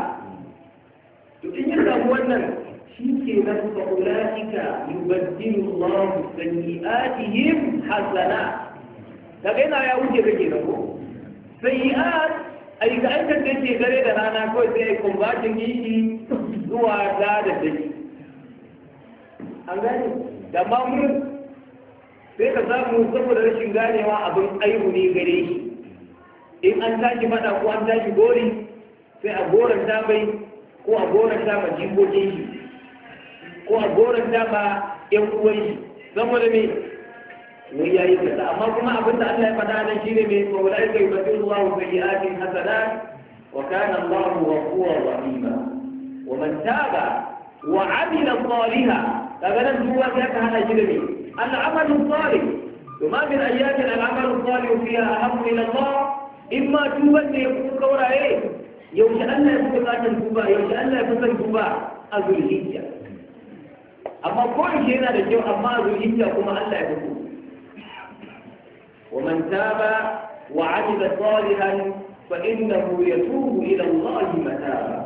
to in ya samu wannan suke rasa ulatika yubaddilu Allah sayi'atihim hasana daga ina ya wuce kake da ko sayi'at ai ga aika kake gare da rana ko sai ai kumbatin yiki zuwa da da dai an gani da ma mun sai ka samu saboda rashin ganewa abin aibu ne gare shi in an tashi faɗa ko an tashi gori sai a ta bai ko a ta ma majibokin shi ko a goron dama yan uwan shi zama da me wai yayi kaza amma kuma abin da Allah ya faɗa nan shine me to la yake yubaddilu Allahu sayyi'atin hasanat wa kana Allahu ghafurur rahima wa man taba wa amila salihan daga nan duwa ya ka hana shi da me al'amalu salih to ma min ayyatin al'amalu salih fiha ahammu ila Allah imma tuban da ya fi kauraye yaushe Allah ya fi bukatan tuba yaushe Allah ya fi san tuba a zulhijja amma kowace yana da kyau amma a zuciya kuma Allah ya fito wa man taba wa amila salihan fa innahu yatubu ila Allah mataba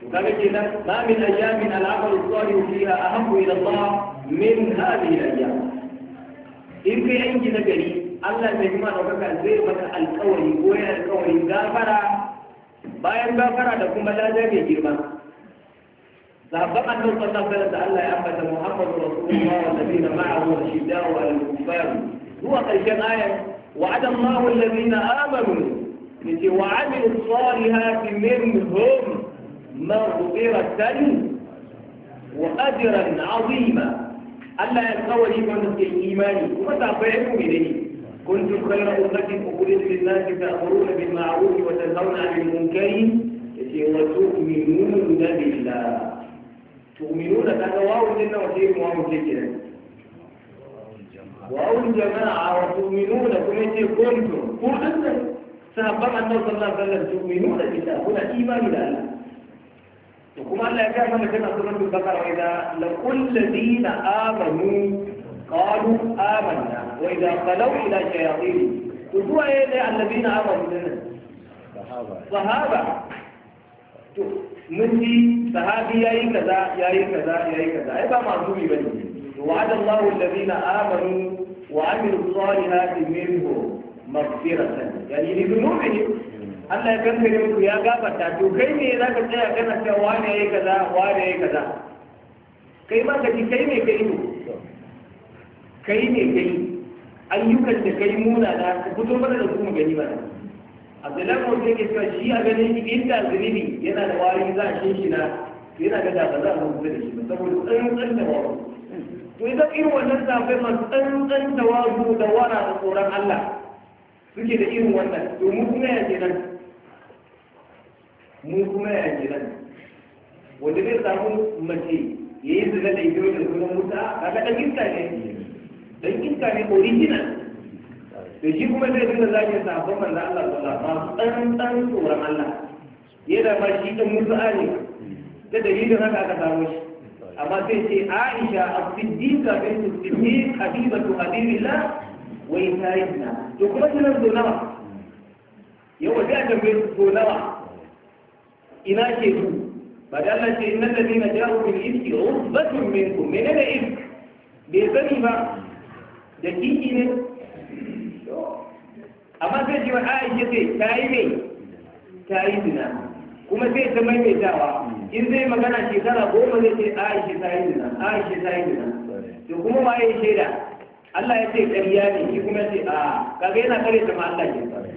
to kaga kenan ma min al-amal salih fiha ahabu ila Allah min hadhihi al ayam in kai yin na gari Allah mai hima da kaka zai maka alƙawari ko ya alƙawari gafara bayan gafara da kuma lada mai girma لأفضل أن نلقى نفسنا تألى يا أمة محمد رسول الله والذين معه الشداء والكفار هو قلشان آية وعد الله الذين آمنوا لكي وعملوا الصالحات منهم مغفرة وأجرا عظيما ألا يتقوى لي من الإيماني ومتى إليه كنتم خير أمتك أخرج للناس تأمرون بالمعروف وتنهون عن المنكر وتؤمنون بالله tu'minu da kaga wawun din nan wace kuma wawun take da wawun jama'a wa tu'minu da kuma ce kuntum ku din nan sahabban annabi sallallahu alaihi wasallam tu'minu da kita kuna imani da Allah to kuma Allah ya ga mana kana sunan bakara wa idza laqul ladina amanu qalu to mun ji sahabi yayi kaza yayi kaza yayi kaza ai ba ma'zumi bane وعد الله الذين آمنوا وعملوا الصالحات منهم مغفرة يعني لذنوبهم Allah ya kankare muku ya gafarta to kai ne za ka tsaya kana cewa wane yayi kaza wane yayi kaza kai ma kaji kai ne kai ne kai ne kai ayyukan da kai muna da ku fito mana da kuma gani mana abdullahi mutum yake cewa shi a ganin inda zunubi yana da wari za a shi na yana ga da ba za a rubuta da shi ba saboda tsantsan da waru to idan irin wannan zafai masu tsantsan da waru da wara da tsoron Allah suke da irin wannan to mu kuma ya kenan mu kuma ya kenan wanda zai samu mace ya yi zina da ido da sunan mutu a kaga dan iska ne dan iska ne original da shi kuma zai dinga zage sabon manzo Allah sallallahu alaihi wasallam tsoron Allah yana ma shi dan mutu'a ne da dalilin haka aka samu shi amma sai ce Aisha as-Siddiqa bint Siddiq habibatu habibillah wa isaidna to kuma kina zo nawa Yau da ta bai zo nawa ina ke ku ba da Allah ce innal ladina ja'u bil ifki usbatun minkum menene ifk bai sani ba da kiki ne amma zai ji wa aisha ce ta yi mai ta yi zina kuma zai ta maimaitawa in zai magana shekara goma zai ce aisha ta yi zina aisha ta yi zina to kuma ma ya shaida Allah ya ce ƙarya ne shi kuma ce a kaga yana kare ta ma Allah ke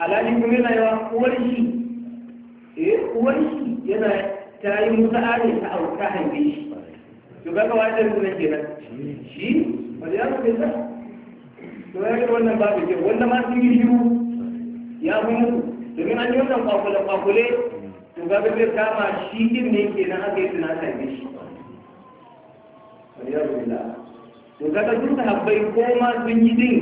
alhali kuma yana yawa uwar shi eh uwar shi yana ta yi musa ne ta auka hange shi to kaga ne nuna kenan shi ba ya ku to ya ga wannan babu kyau wanda ma sun yi shiru ya fi mutu domin an yi wannan kwakule kwakule to ga ga zai kama shi din ne ke nan aka yi tunata ne shi to ga ga sun sahabbai ko ma sun yi din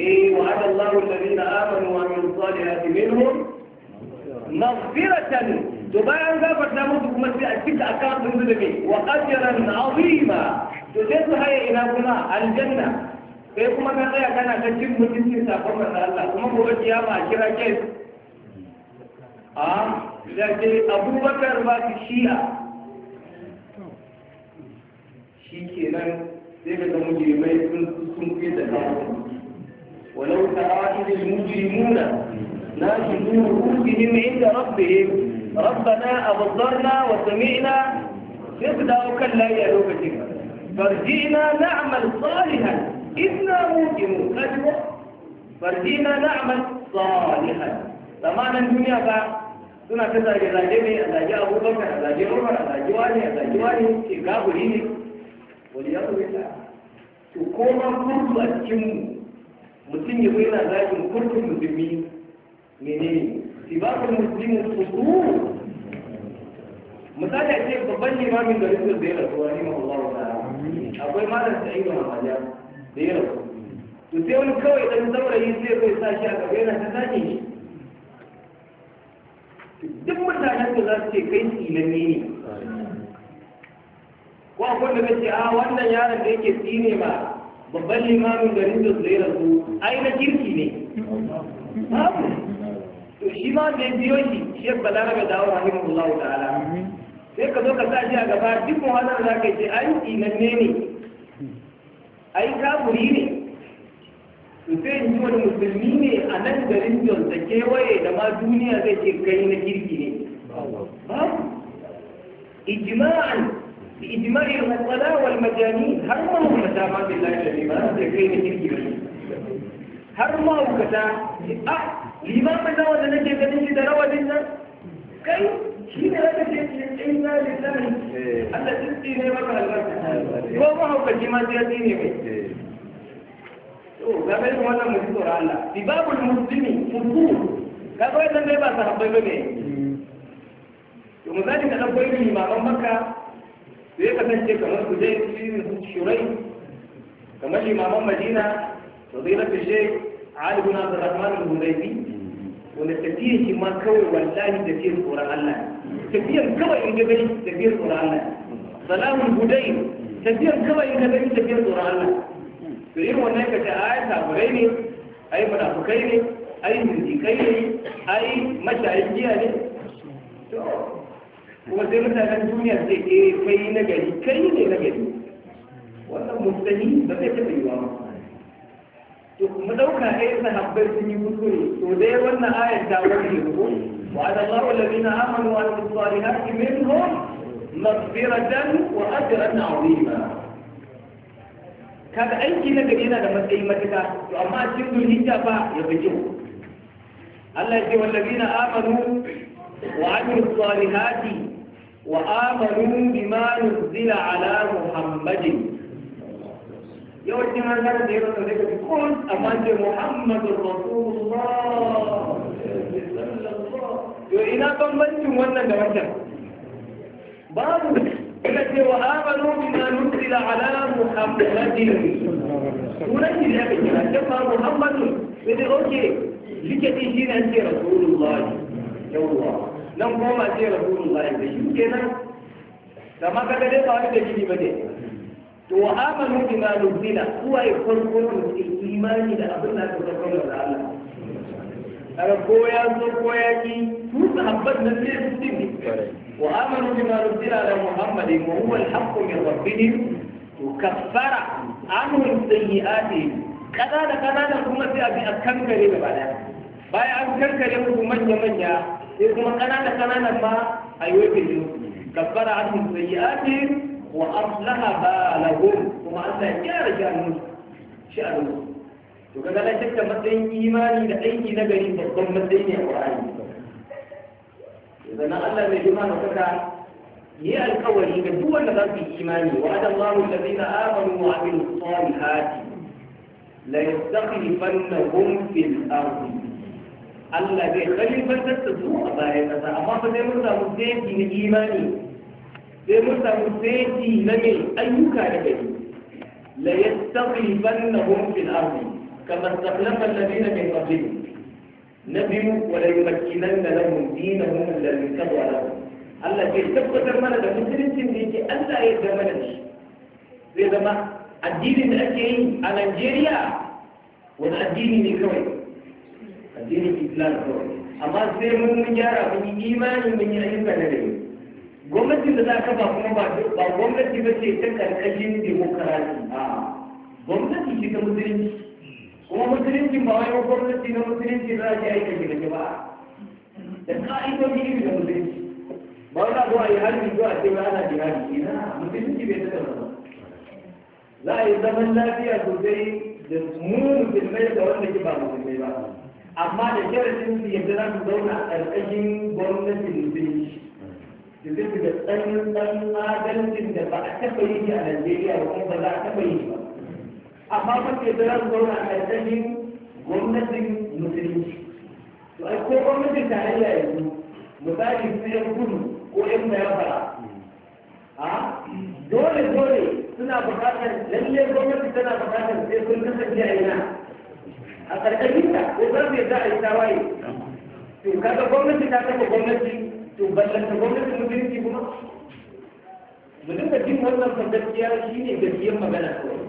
eh wa hada Allahu alladhina amanu wa amilu salihati minhum maghfiratan to bayan gafarta musu kuma sai a cika akan sun zulubi wa ajran azima to sai su haye ina kuma aljanna sai kuma ka tsaya kana ta cin mutuncin sakon manzo Allah kuma gobe kiyama kira ke a da ke abubakar ba su shi'a shi ke nan sai ka ga mujrimai sun sun fi da kawo walau ta'idil mujrimuna ناشدون رؤوسهم عند ربهم ربنا أبصرنا وسمعنا صدقا كلا يا لوكتك فارجئنا نعمل صالحا إنا موقنون أجل فردينا نعمل صالحا زمان الدنيا با suna ta zage-zage ne a zage abubakar a zage umar a zage wani a zage wani ke gaburi ne wani ya kuma ta to koma kurdu a cikin mutum ya zai na zagin kurdu musulmi menene sibakul muslimu kusur misali a ce babban limamin da rikon zai rasuwa ne ma Allah ta ta'ala akwai malam sa'idu mahajjar da ya rasu sai wani kawai ɗan saurayi sai kai sa shi a gaba yana ta sake shi duk mutanen da za su ce kai tsilami ne ko akwai da ce a ah, wannan yaron da yake tsine ma babban limamin garin da su ya rasu ai na kirki ne to shi ma da biyo shi shi ya balarabe da awon rahimahullahu ta'ala sai ka zo ka sa shi a gaba duk muhallar za ka yi ce ai tsinanne ne ai kafiri ne to sai in ji wani musulmi ne a nan garin ta kewaye da ma duniya zai ce kai na kirki ne babu ijma'an bi ijma'i al-masala wal majani har ma hukumata ma billahi da ba da kai na kirki ne har ma hukumata a liman ma da nake ganin shi da rawanin nan kai shi ne aka ce inna lillahi Allah tsitsi ne maka albarka ko mahaukaci ma sai tsitsi ne mai to ga bai kuma wannan mutum tsoron Allah sibabul muslimi fusu ga bai san bai ba sahabbai ba ne to mu zaki da dan bai limaman makka sai kasance kamar su dai su shurai kamar limaman madina fadilatu shaykh Ali bin Abdul Rahman al-Hudaybi wanda tafiyar shi ma kawai wallahi tafiyar tsoron Allah ne تكبير كوي الجبلي تكبير قرآن سلام الهدين تكبير كوي الجبلي تكبير قرآن آية في يوم هناك آية أبريني أي من أبكيني أي من ديكيني أي مشاعر جيالي وزي مثلا الدنيا زي إيه؟ كي نجري كي نجري وانا مستنين إيه؟ بس يتبع يوامه تو مدوكا ايه سنحبر سنين مدوني تو دي وانا آية تاوكي مدوني وعد الله الذين آمنوا وعملوا الصالحات منهم مغفرة وأجرا عظيما kaga aiki na gari yana da matsayi matuka to amma a cikin zulhijja fa ya fi jihu Allah ya ce wallazina amanu wa amilu salihati wa amanu bima nuzila ala muhammadin yawancin an gara da yawa da ka fi kun amma ce muhammadur rasulullah to ina bambancin wannan da wancan babu ina ce wa amanu bima nuzila ala muhammadin sunan shi da kira ce fa muhammadun sai dai oke like din shi ne ce rasulullahi yawwa nan goma ce rasulullahi da shi kenan da ma kaga dai ba wani ba bane to wa amanu bima nuzila suwaye farko da imani da abin da ka zama da Allah kaga ko ya zo ko ya ki su sahabbat na sai su din wa amanu bima rusila da muhammadin wa huwa al-haqqu min rabbihim to kaffara anu sayyi'atihim kaza da kaza da kuma sai a bi a kankare gaba daya bayan an kankare muku manya manya sai kuma kanana kananan ma a yi wajen yi kaffara anhum sayyi'atihim wa aslaha balahum kuma Allah ya gyara a sha'anin to kaga na shakka matsayin imani da aiki na gari babban matsayi ne a Qur'ani sannan Allah mai jima da saka yi alkawari ga duk wanda za su yi imani wa adallahu allazina amanu wa amilus salihati la yastakhlifannahum fil ardi Allah zai khalifantar da su a bayan kasa amma ba sai mun samu saiti na imani sai mun samu saiti na mai ayyuka da gari la yastakhlifannahum fil ardi كما استخلف الذين من قبلهم نبي وليمكنن لهم دينهم الذي كبر لهم Allah ke tabbatar mana da musuluncin da yake Allah ya zama da shi zai zama addinin da ake yi a Najeriya wani addini ne kawai addinin زي من amma sai mun من gyara mun yi da za ka ba kuma ba ba gwamnati ba ce ta karkashin demokarasi a gwamnati ce ta musulunci kuma musulunci ba wai gwamnati na musulunci za a ji aikin gina ba. da ka'idoji gini da musulunci ba wani abuwa yi harbi zuwa ce ba ana jihadi ina musulunci bai tattara ba za a yi zaman lafiya sosai da mu musulmai da wanda ke ba musulmai ba amma da kyar su yadda za su zauna a ƙarƙashin gwamnatin musulunci da zai da tsanin tsanin adalcin da ba a taɓa yi a Najeriya ba kuma ba za a taɓa yi ba amma ba ke da ran gwamna a tsanin gwamnatin musulunci to ai ko gwamnatin tarayya yanzu misali su yan kudu ko yan bayafara a dole dole suna bukatar lalle gwamnati tana bukatar sai sun kasance a yana a ƙarƙashin ta ko za su yadda a yi tawaye to kaga gwamnati ta kafa gwamnati to ballanta gwamnatin musulunci kuma mu dinga jin wannan fa gaskiya shine gaskiyar magana kawai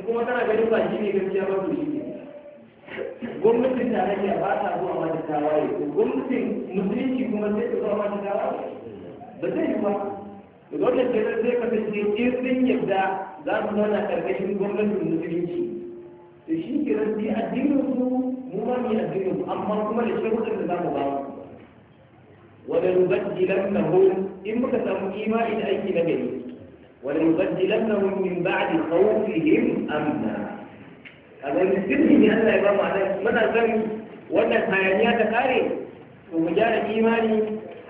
kuma tana ganin ba shi ne gaskiya ba to shi ne gwamnatin da tarayya ba ta zuwa ma da tawaye ko gwamnatin musulunci kuma sai ta zuwa ma da tawaye ba zai yi ba da gwamnatin tarayya zai kasance in sun yadda za su zauna karkashin gwamnatin musulunci to shi ke rasi addinin su mu ma mu addinin su amma kuma da sharuɗin da za mu ba wa da rubajjilan na in muka samu imani da aiki na gari ولنبدلنهم من بعد خوفهم أمنا kaga sirri ne Allah ya ba mu anan muna son wannan hayaniya ta kare to mu gyara imani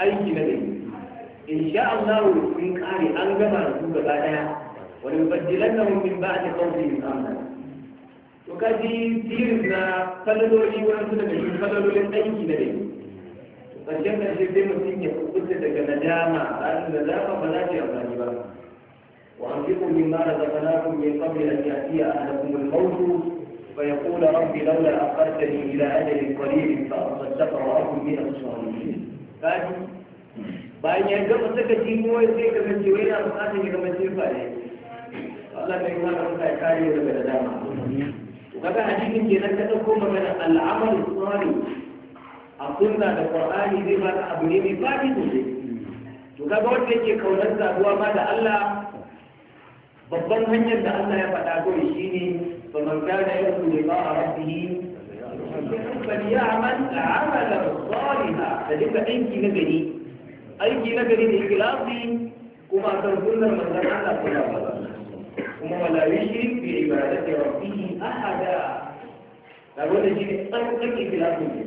aiki na dai insha Allah sun kare an gama su gaba daya wani mubaddilan nan min ba'di qawlin amana to kaji sirri na falaloli wani daga cikin falalolin aiki na dai karshen karshe sai mutum ya kubuta daga nadama ranar nadama ba za ta yi amfani ba وأنفقوا مما رزقناكم من قبل أن يأتي أحدكم الموت فيقول رب لولا أخرتني إلى أجل قريب فأصدق وأكن من الصالحين bayan ya gama saka timo ya sai ga mace wai na bukatar ya gama sai fa ne Allah bai ma da kai kare daga da dama to kaga hadisin nan ka dauko magana al'amal salih a kunna da qur'ani zai ba ka abu ne mai fadi sosai to kaga wanda yake kaunar sabuwa ba da Allah babban hanyar da Allah ya faɗa kawai shi ne ba man kana yin su liqa a rabbihi فليعمل عملا صالحا فديك aiki na gari aiki na gari da ikhlasi kuma kan sunnar manzon Allah sallallahu alaihi wasallam kuma wala yushrik bi ibadati rabbih ahada da wanda shi ne tsarkake ikhlasi ne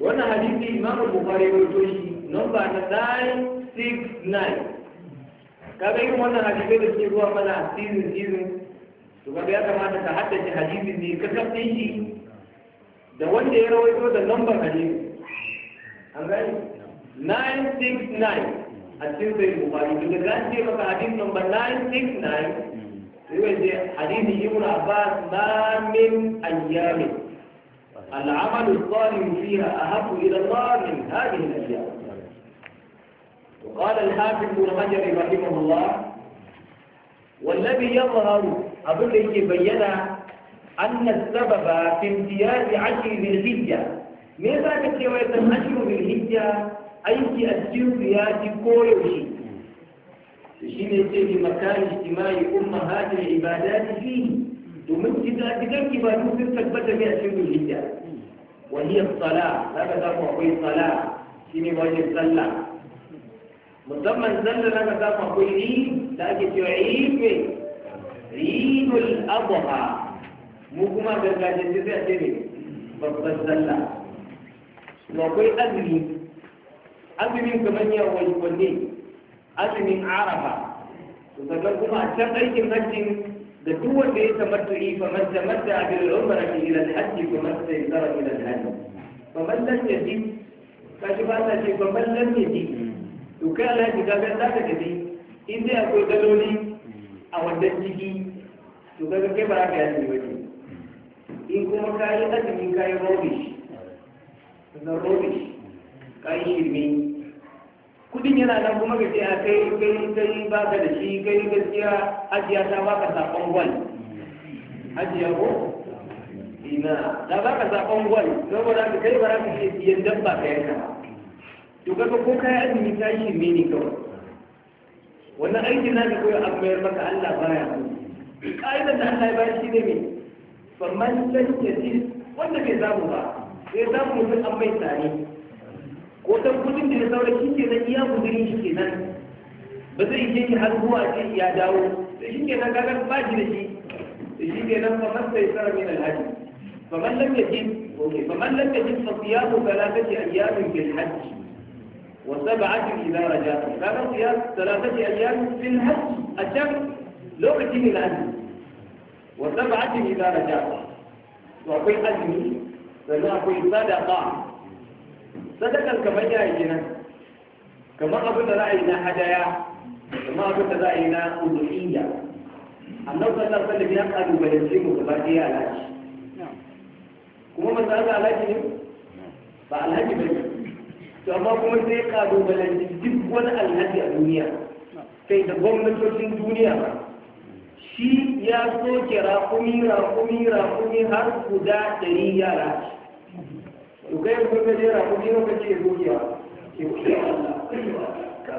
wannan hadisi imamu bukhari ya rawaito shi namba na 969 kaga irin wannan hadisai da suke zuwa mana a season season to kaga ya kamata ka haddace hadisin ne ka kafin shi da wanda ya rawaito da lambar hadisi an gani 969 a cikin sai bukari daga gashi maka hadis number 969 sai ce hadisi ibn abbas ma min ayyami العمل الصالح فيها أحب إلى الله من هذه الأيام قال الحافظ بن حجر رحمه الله والذي يظهر أظن يجي بينا أن السبب في امتياز عشر ذي الحجة من ذاك الرواية عشر ذي الحجة أي في السيوبيات كويوشي شيء في مكان اجتماع أمهات العبادات فيه ومن ذلك كيف يمكن تثبت في عشر ذي الحجة وهي الصلاة لا بد أن الصلاة شيء واجب صلاة musamman zan na ka samu akwai ri da ake cewa rife ridul adha mu kuma gargajiyance sai a ce ne babbar sallah to akwai azumi azumin kamar ya wani wanne azumin arafa to sannan kuma a can aikin hajjin da duk wanda ya tamattu'i fa man tamatta bil umrati ila al hajj fa man tayassara ila al hajj fa man lam yajid kashi ba ta ce fa man lam yajid to kai Allah ya ga za ka tafi in dai akwai daloli a wannan ciki to ga kai ba za ka yi ba ne in kuma ka yi azumi ka yi rubbish na rubbish ka yi shirme kudin yana nan kuma ka ce a kai kai kai ba ka da shi kai gaskiya ajiya ta ba ka sakon gwal ajiya ko ina da ba ka sakon gwal saboda ka kai ba za ka ce siyan dabba ka yanka ba to ga ko kai azumi ta yi shirme ne kawai wannan aiki na ka koyi an mayar maka Allah baya ka'idar da Allah ya bayar shi ne me faman lan yajid wanda bai zamu ba sai zamu mutum an mai tare ko dan kudin da ya saura shi ke nan iya gudurin shi ke nan ba zai je ki har zuwa ce ya dawo da shi ke nan kaga ba shi da shi da shi ke nan faman sai sara min alhaji faman lam yajid okay faman lam yajid fa siyamu thalathati ayyamin bil وسبعة إذا رجعت فمن ثلاثة أيام في الحج الشهر لو أتيني الآن وسبعة إذا رجعت وأقول أزمي فلو أقول صدقة صدقة كمية أينا كما أقول رأينا هدايا كما أقول رأينا أضحية annabi sallallahu alaihi wasallam ya kadu bayanci mu gaba ɗaya كما kuma manzo Allah alhaji ne ba to amma kuma sai kalubalanci duk wani alhaji a duniya sai da gwamnatocin duniya shi ya soke rakumi rakumi rakumi har guda ɗari yara to kai yanzu ka je rakumi ne ka ce sokewa ke wuce Allah ka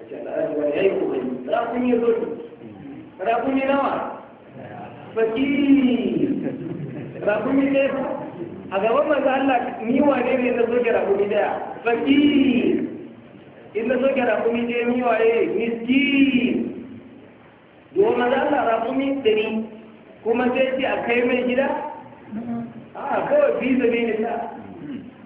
a ce Allah ya yi kokari rakumi ya soke rakumi nawa fakiri rakumi ne a gaban manzo Allah ni wane ne na soke kuma daya fakiri in na soke kuma daya ni waye miski Do manzo Allah rakumi dari kuma sai ce a kai mai gida a kawai fi zabe ne ta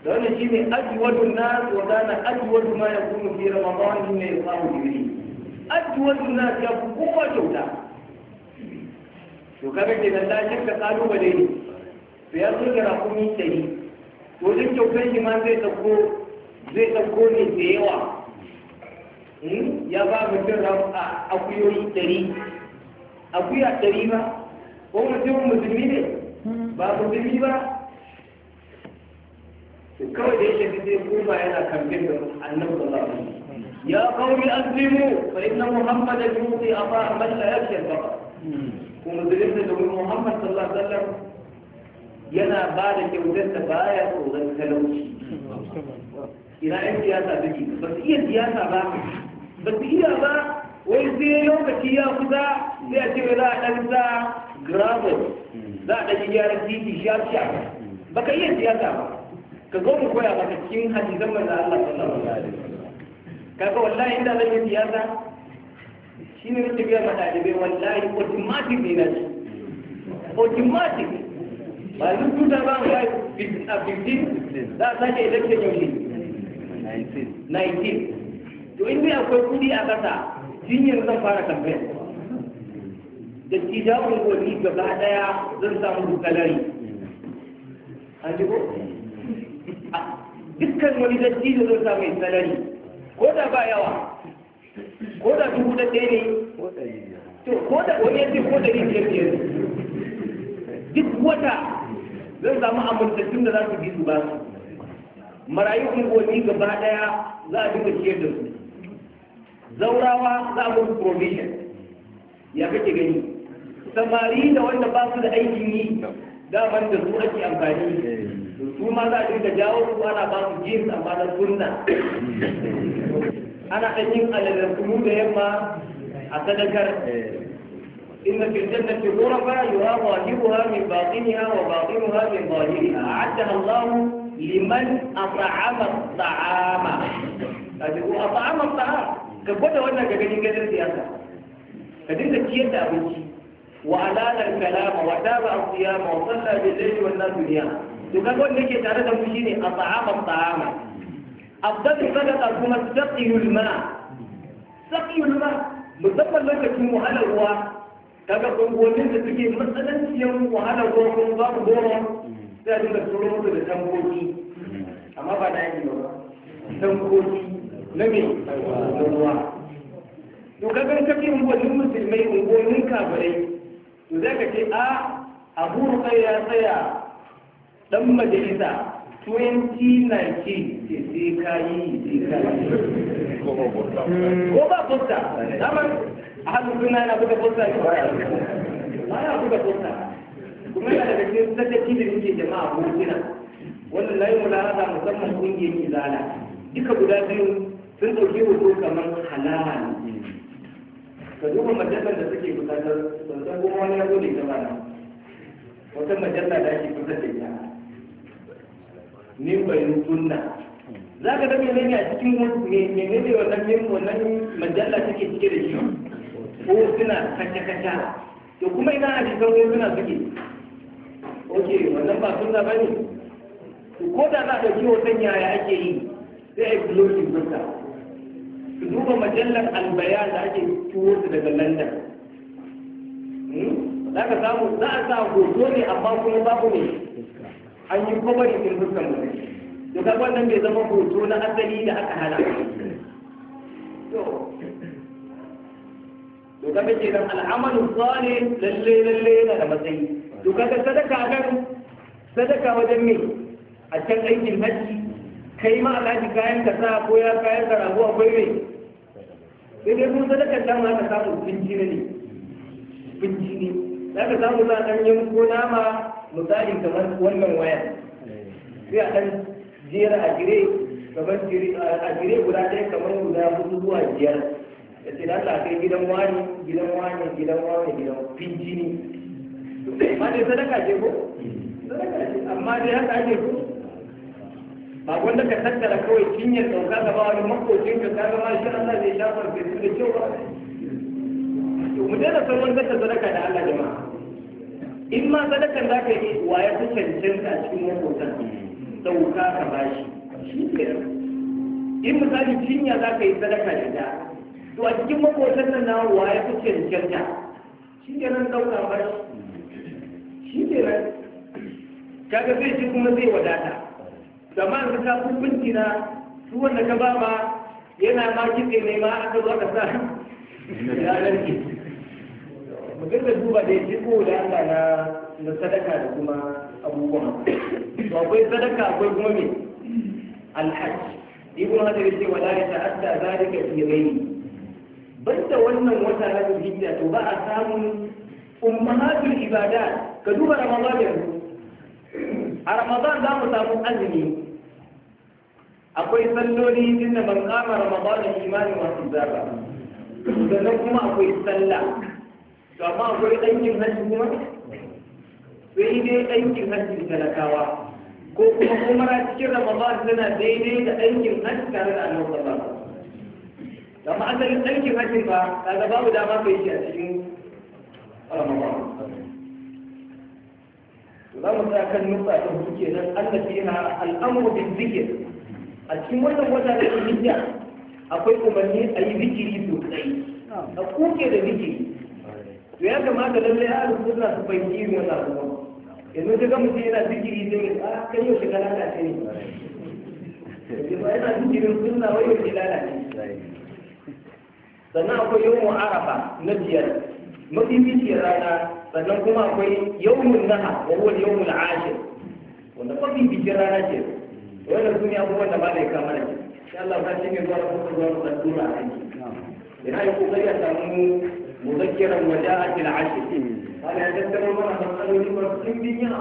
da wani shi ne ajiwadun na tsodana, ajiwadu ma ya kuma fi ba wani ne ya samu jibiri ajiwadun na ya fi kowa kyauta to kaga ke nan ta shirka kalubale ne ya zo da yi ɗari to wajen kyautar shi ma zai ɗauko zai ɗauko ne da yawa hmm? ya ba mutum akuyoyi ɗari akuya ɗari ba ko mutum musulmi ne ba musulmi ba kawai da ya shafi zai kuma yana kamfin da annabi sallallahu alaihi ya kawai azlimu fa inna muhammadan yuti afa man la yakshir faqat ko musulmi da muhammad sallallahu alaihi wasallam yana ba da kyautar da baya tsoron talauci ina yan siyasa take ba su iya siyasa ba ba su iya ba wai sai lokaci ya kusa sai a ce za a ɗan sa gravel za a ɗan yi gyaran titi sharp sharp ba ka iya siyasa ba ka zo mu koya maka cikin hadisan manzo Allah sallallahu alaihi wasallam kaga wallahi inda zan yi siyasa shine nake ga madalibai wallahi automatic ne na automatic ba yi tuta ba mu yi 15 ah, za a sake election 19 to akwai kudi a kasa jinyar zan fara kamfen da gaba daya zan samu a ah, dukkan wani zan samu salari ko ba yawa ko da da ɗaya ne ko da wani yanzu ko da biyar biyar duk wata zan zama amintattun da za su bi su ba su marayu unguwanni gaba ɗaya za a duka ciyar da su zaurawa za a musu provision ya kake gani samari da wanda ba su da aikin yi daman da su ake amfani su ma za a duka jawo su ana ba su jeans amma na sunna ana ɗan yin alalar kunu da yamma a sadakar إن في الجنة غرفة يرى ظاهرها من باطنها وباطنها من ظاهرها أعدها الله لمن أطعم الطعام أطعم الطعام كبدا وانا كجدين جدين سياسة كجدين سياسة أبوشي وألال الكلام وتابع الصيام وصلى بالليل والناس نيام تكاد وانا كتارة أبوشيني أطعم الطعام أفضل فقط كما سقي الماء سقي الماء musamman lokacin wahalar ruwa kaga bangonin da suke matsalanciyar wahalar gwamnan kuma za mu goma sai a dinga turo musu da tankoki amma ba na yi ba tankoki na me na ruwa to kaga ka fi ungonin musulmai ungonin kafirai to za ka ce a abu rukai ya tsaya dan majalisa 2019 ke sai ka yi ko ba yi ko ba fusta ahalin suna yana buga posta ne ba ya buga posta kuma yana da cikin sadaki da muke jama'a ko kina wannan layin mulahaza musamman kungiyar izala duka guda biyu sun ɗauki hoto kamar halala ne ka duba majalar da suke bukatar sosai kuma wani ya ita ba na wata majalla da ake kusa da ita min bayin sunna za ka ga menene a cikin menene wannan min wannan majalla take cike da shi ko suna kacce-kacce to kuma ina a cikin sauƙi suna suke ok wannan ba sunna ba ne ko da za a ɗauki hoton yaya ake yi sai a yi blogin fuska su duba majallar albaya da ake tuwo su daga london hmm? za ka samu za a sa hoto ne amma kuma babu ne an yi kwabari sun fuskan mutum to kaga wannan bai zama hoto na asali da aka hana to ce kenan al'amalu tsari lalle lalle yana da matsayi to kaga sadaka nan sadaka wajen me a can aikin hajji kai ma alhaji kayan ka sa ko ya kayan ka rago akwai me sai dai kun sadakar dan ma ka samu binci ne binci ne za ka samu za a yin ko nama misali kamar wannan waya sai a ɗan jera a gire kamar a gire guda ɗaya kamar guda hudu zuwa biyar Da ce da Allah kai gidan wani gidan wani gidan wani gidan pinjini amma dai sadaka ce ko amma dai haka ake ko ba wanda ka tattara kawai cinyar dauka gaba wani makocin ka kaga ma shi Allah zai shafar da su da kyau ba to mu daina sauran zaka sadaka da Allah jama'a in ma sadakan za ka yi wa ya fi cancanta a cikin makocin dauka ka bashi shi ke in misali cinya za ka yi sadaka da ta? to a cikin makotan nan na wa ya da cancanta shi ke nan dauka ba shi ke nan kaga zai ci kuma zai wadata zama yanzu ta hukunci na su wanda ka ba ma yana ma kitse ne ma aka zo aka sa yanar ki mu dinga duba da ya ko da Allah na na sadaka da kuma abubuwan to akwai sadaka akwai kuma me alhaji ibn hajar yace wala ya ta'adda zalika fi ghairi banda wannan wata na zulhijja to ba a samun ummahatul ibada ka duba ramadan yanzu a ramadan za mu samu azumi akwai salloli da ban kama ramadan imani masu zaba sannan kuma akwai sallah to amma akwai ɗankin hajji kuma sai dai ɗankin hajji talakawa ko kuma kuma cikin ramadan tana daidai da ɗankin hajji tare da annabi amma asalin aikin hajji ba kaga babu dama ka yi shi a cikin ramadan za mu sa kan nufa ta hudu kenan Allah fiha al'amru bil zikr a cikin wannan wata da hijja akwai umarni a yi zikiri sosai a kuke da zikiri to ya kamata lallai a suna su fahimci irin wannan abubuwa yanzu ta ga mutum yana zikiri zai yi a ah, kan yau shi shiga lalace ne ba yana zikirin sunna wai yau shi lalace sannan akwai yawon arafa na biyar mafificiyar rana sannan kuma akwai yawon naha wa wani yawon ashir wanda mafificiyar rana ce wanda su ne abubuwan da ba da ya kama da ke sai Allah ta ce mai zuwa da kuma zuwa da tura a aiki ina yi kokari a samu muzakkiran waje a kila ashir wani ya tattara mana matsaloli masu ɗimbin yawa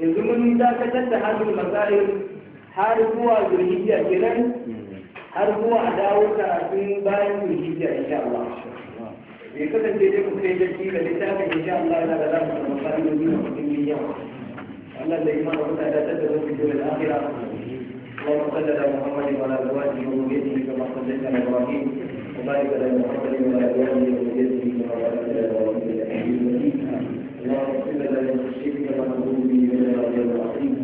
yanzu mun dakatar da hajjul masail har zuwa zurhiyya kenan har kuma a dawo karatun bayan zulhijja insha Allah bai kasance dai kuma sai gaci da littafin insha Allah yana da zamu samu fa'idoji da mutum mai yawa Allah da iman wa ta dace da zuwa da akhira اللهم صل على محمد وعلى ازواجه وذريته كما صليت على ابراهيم وبارك على محمد وعلى ازواجه وذريته كما باركت على ابراهيم اللهم اغفر لنا من خشيتك تقول به من العظيم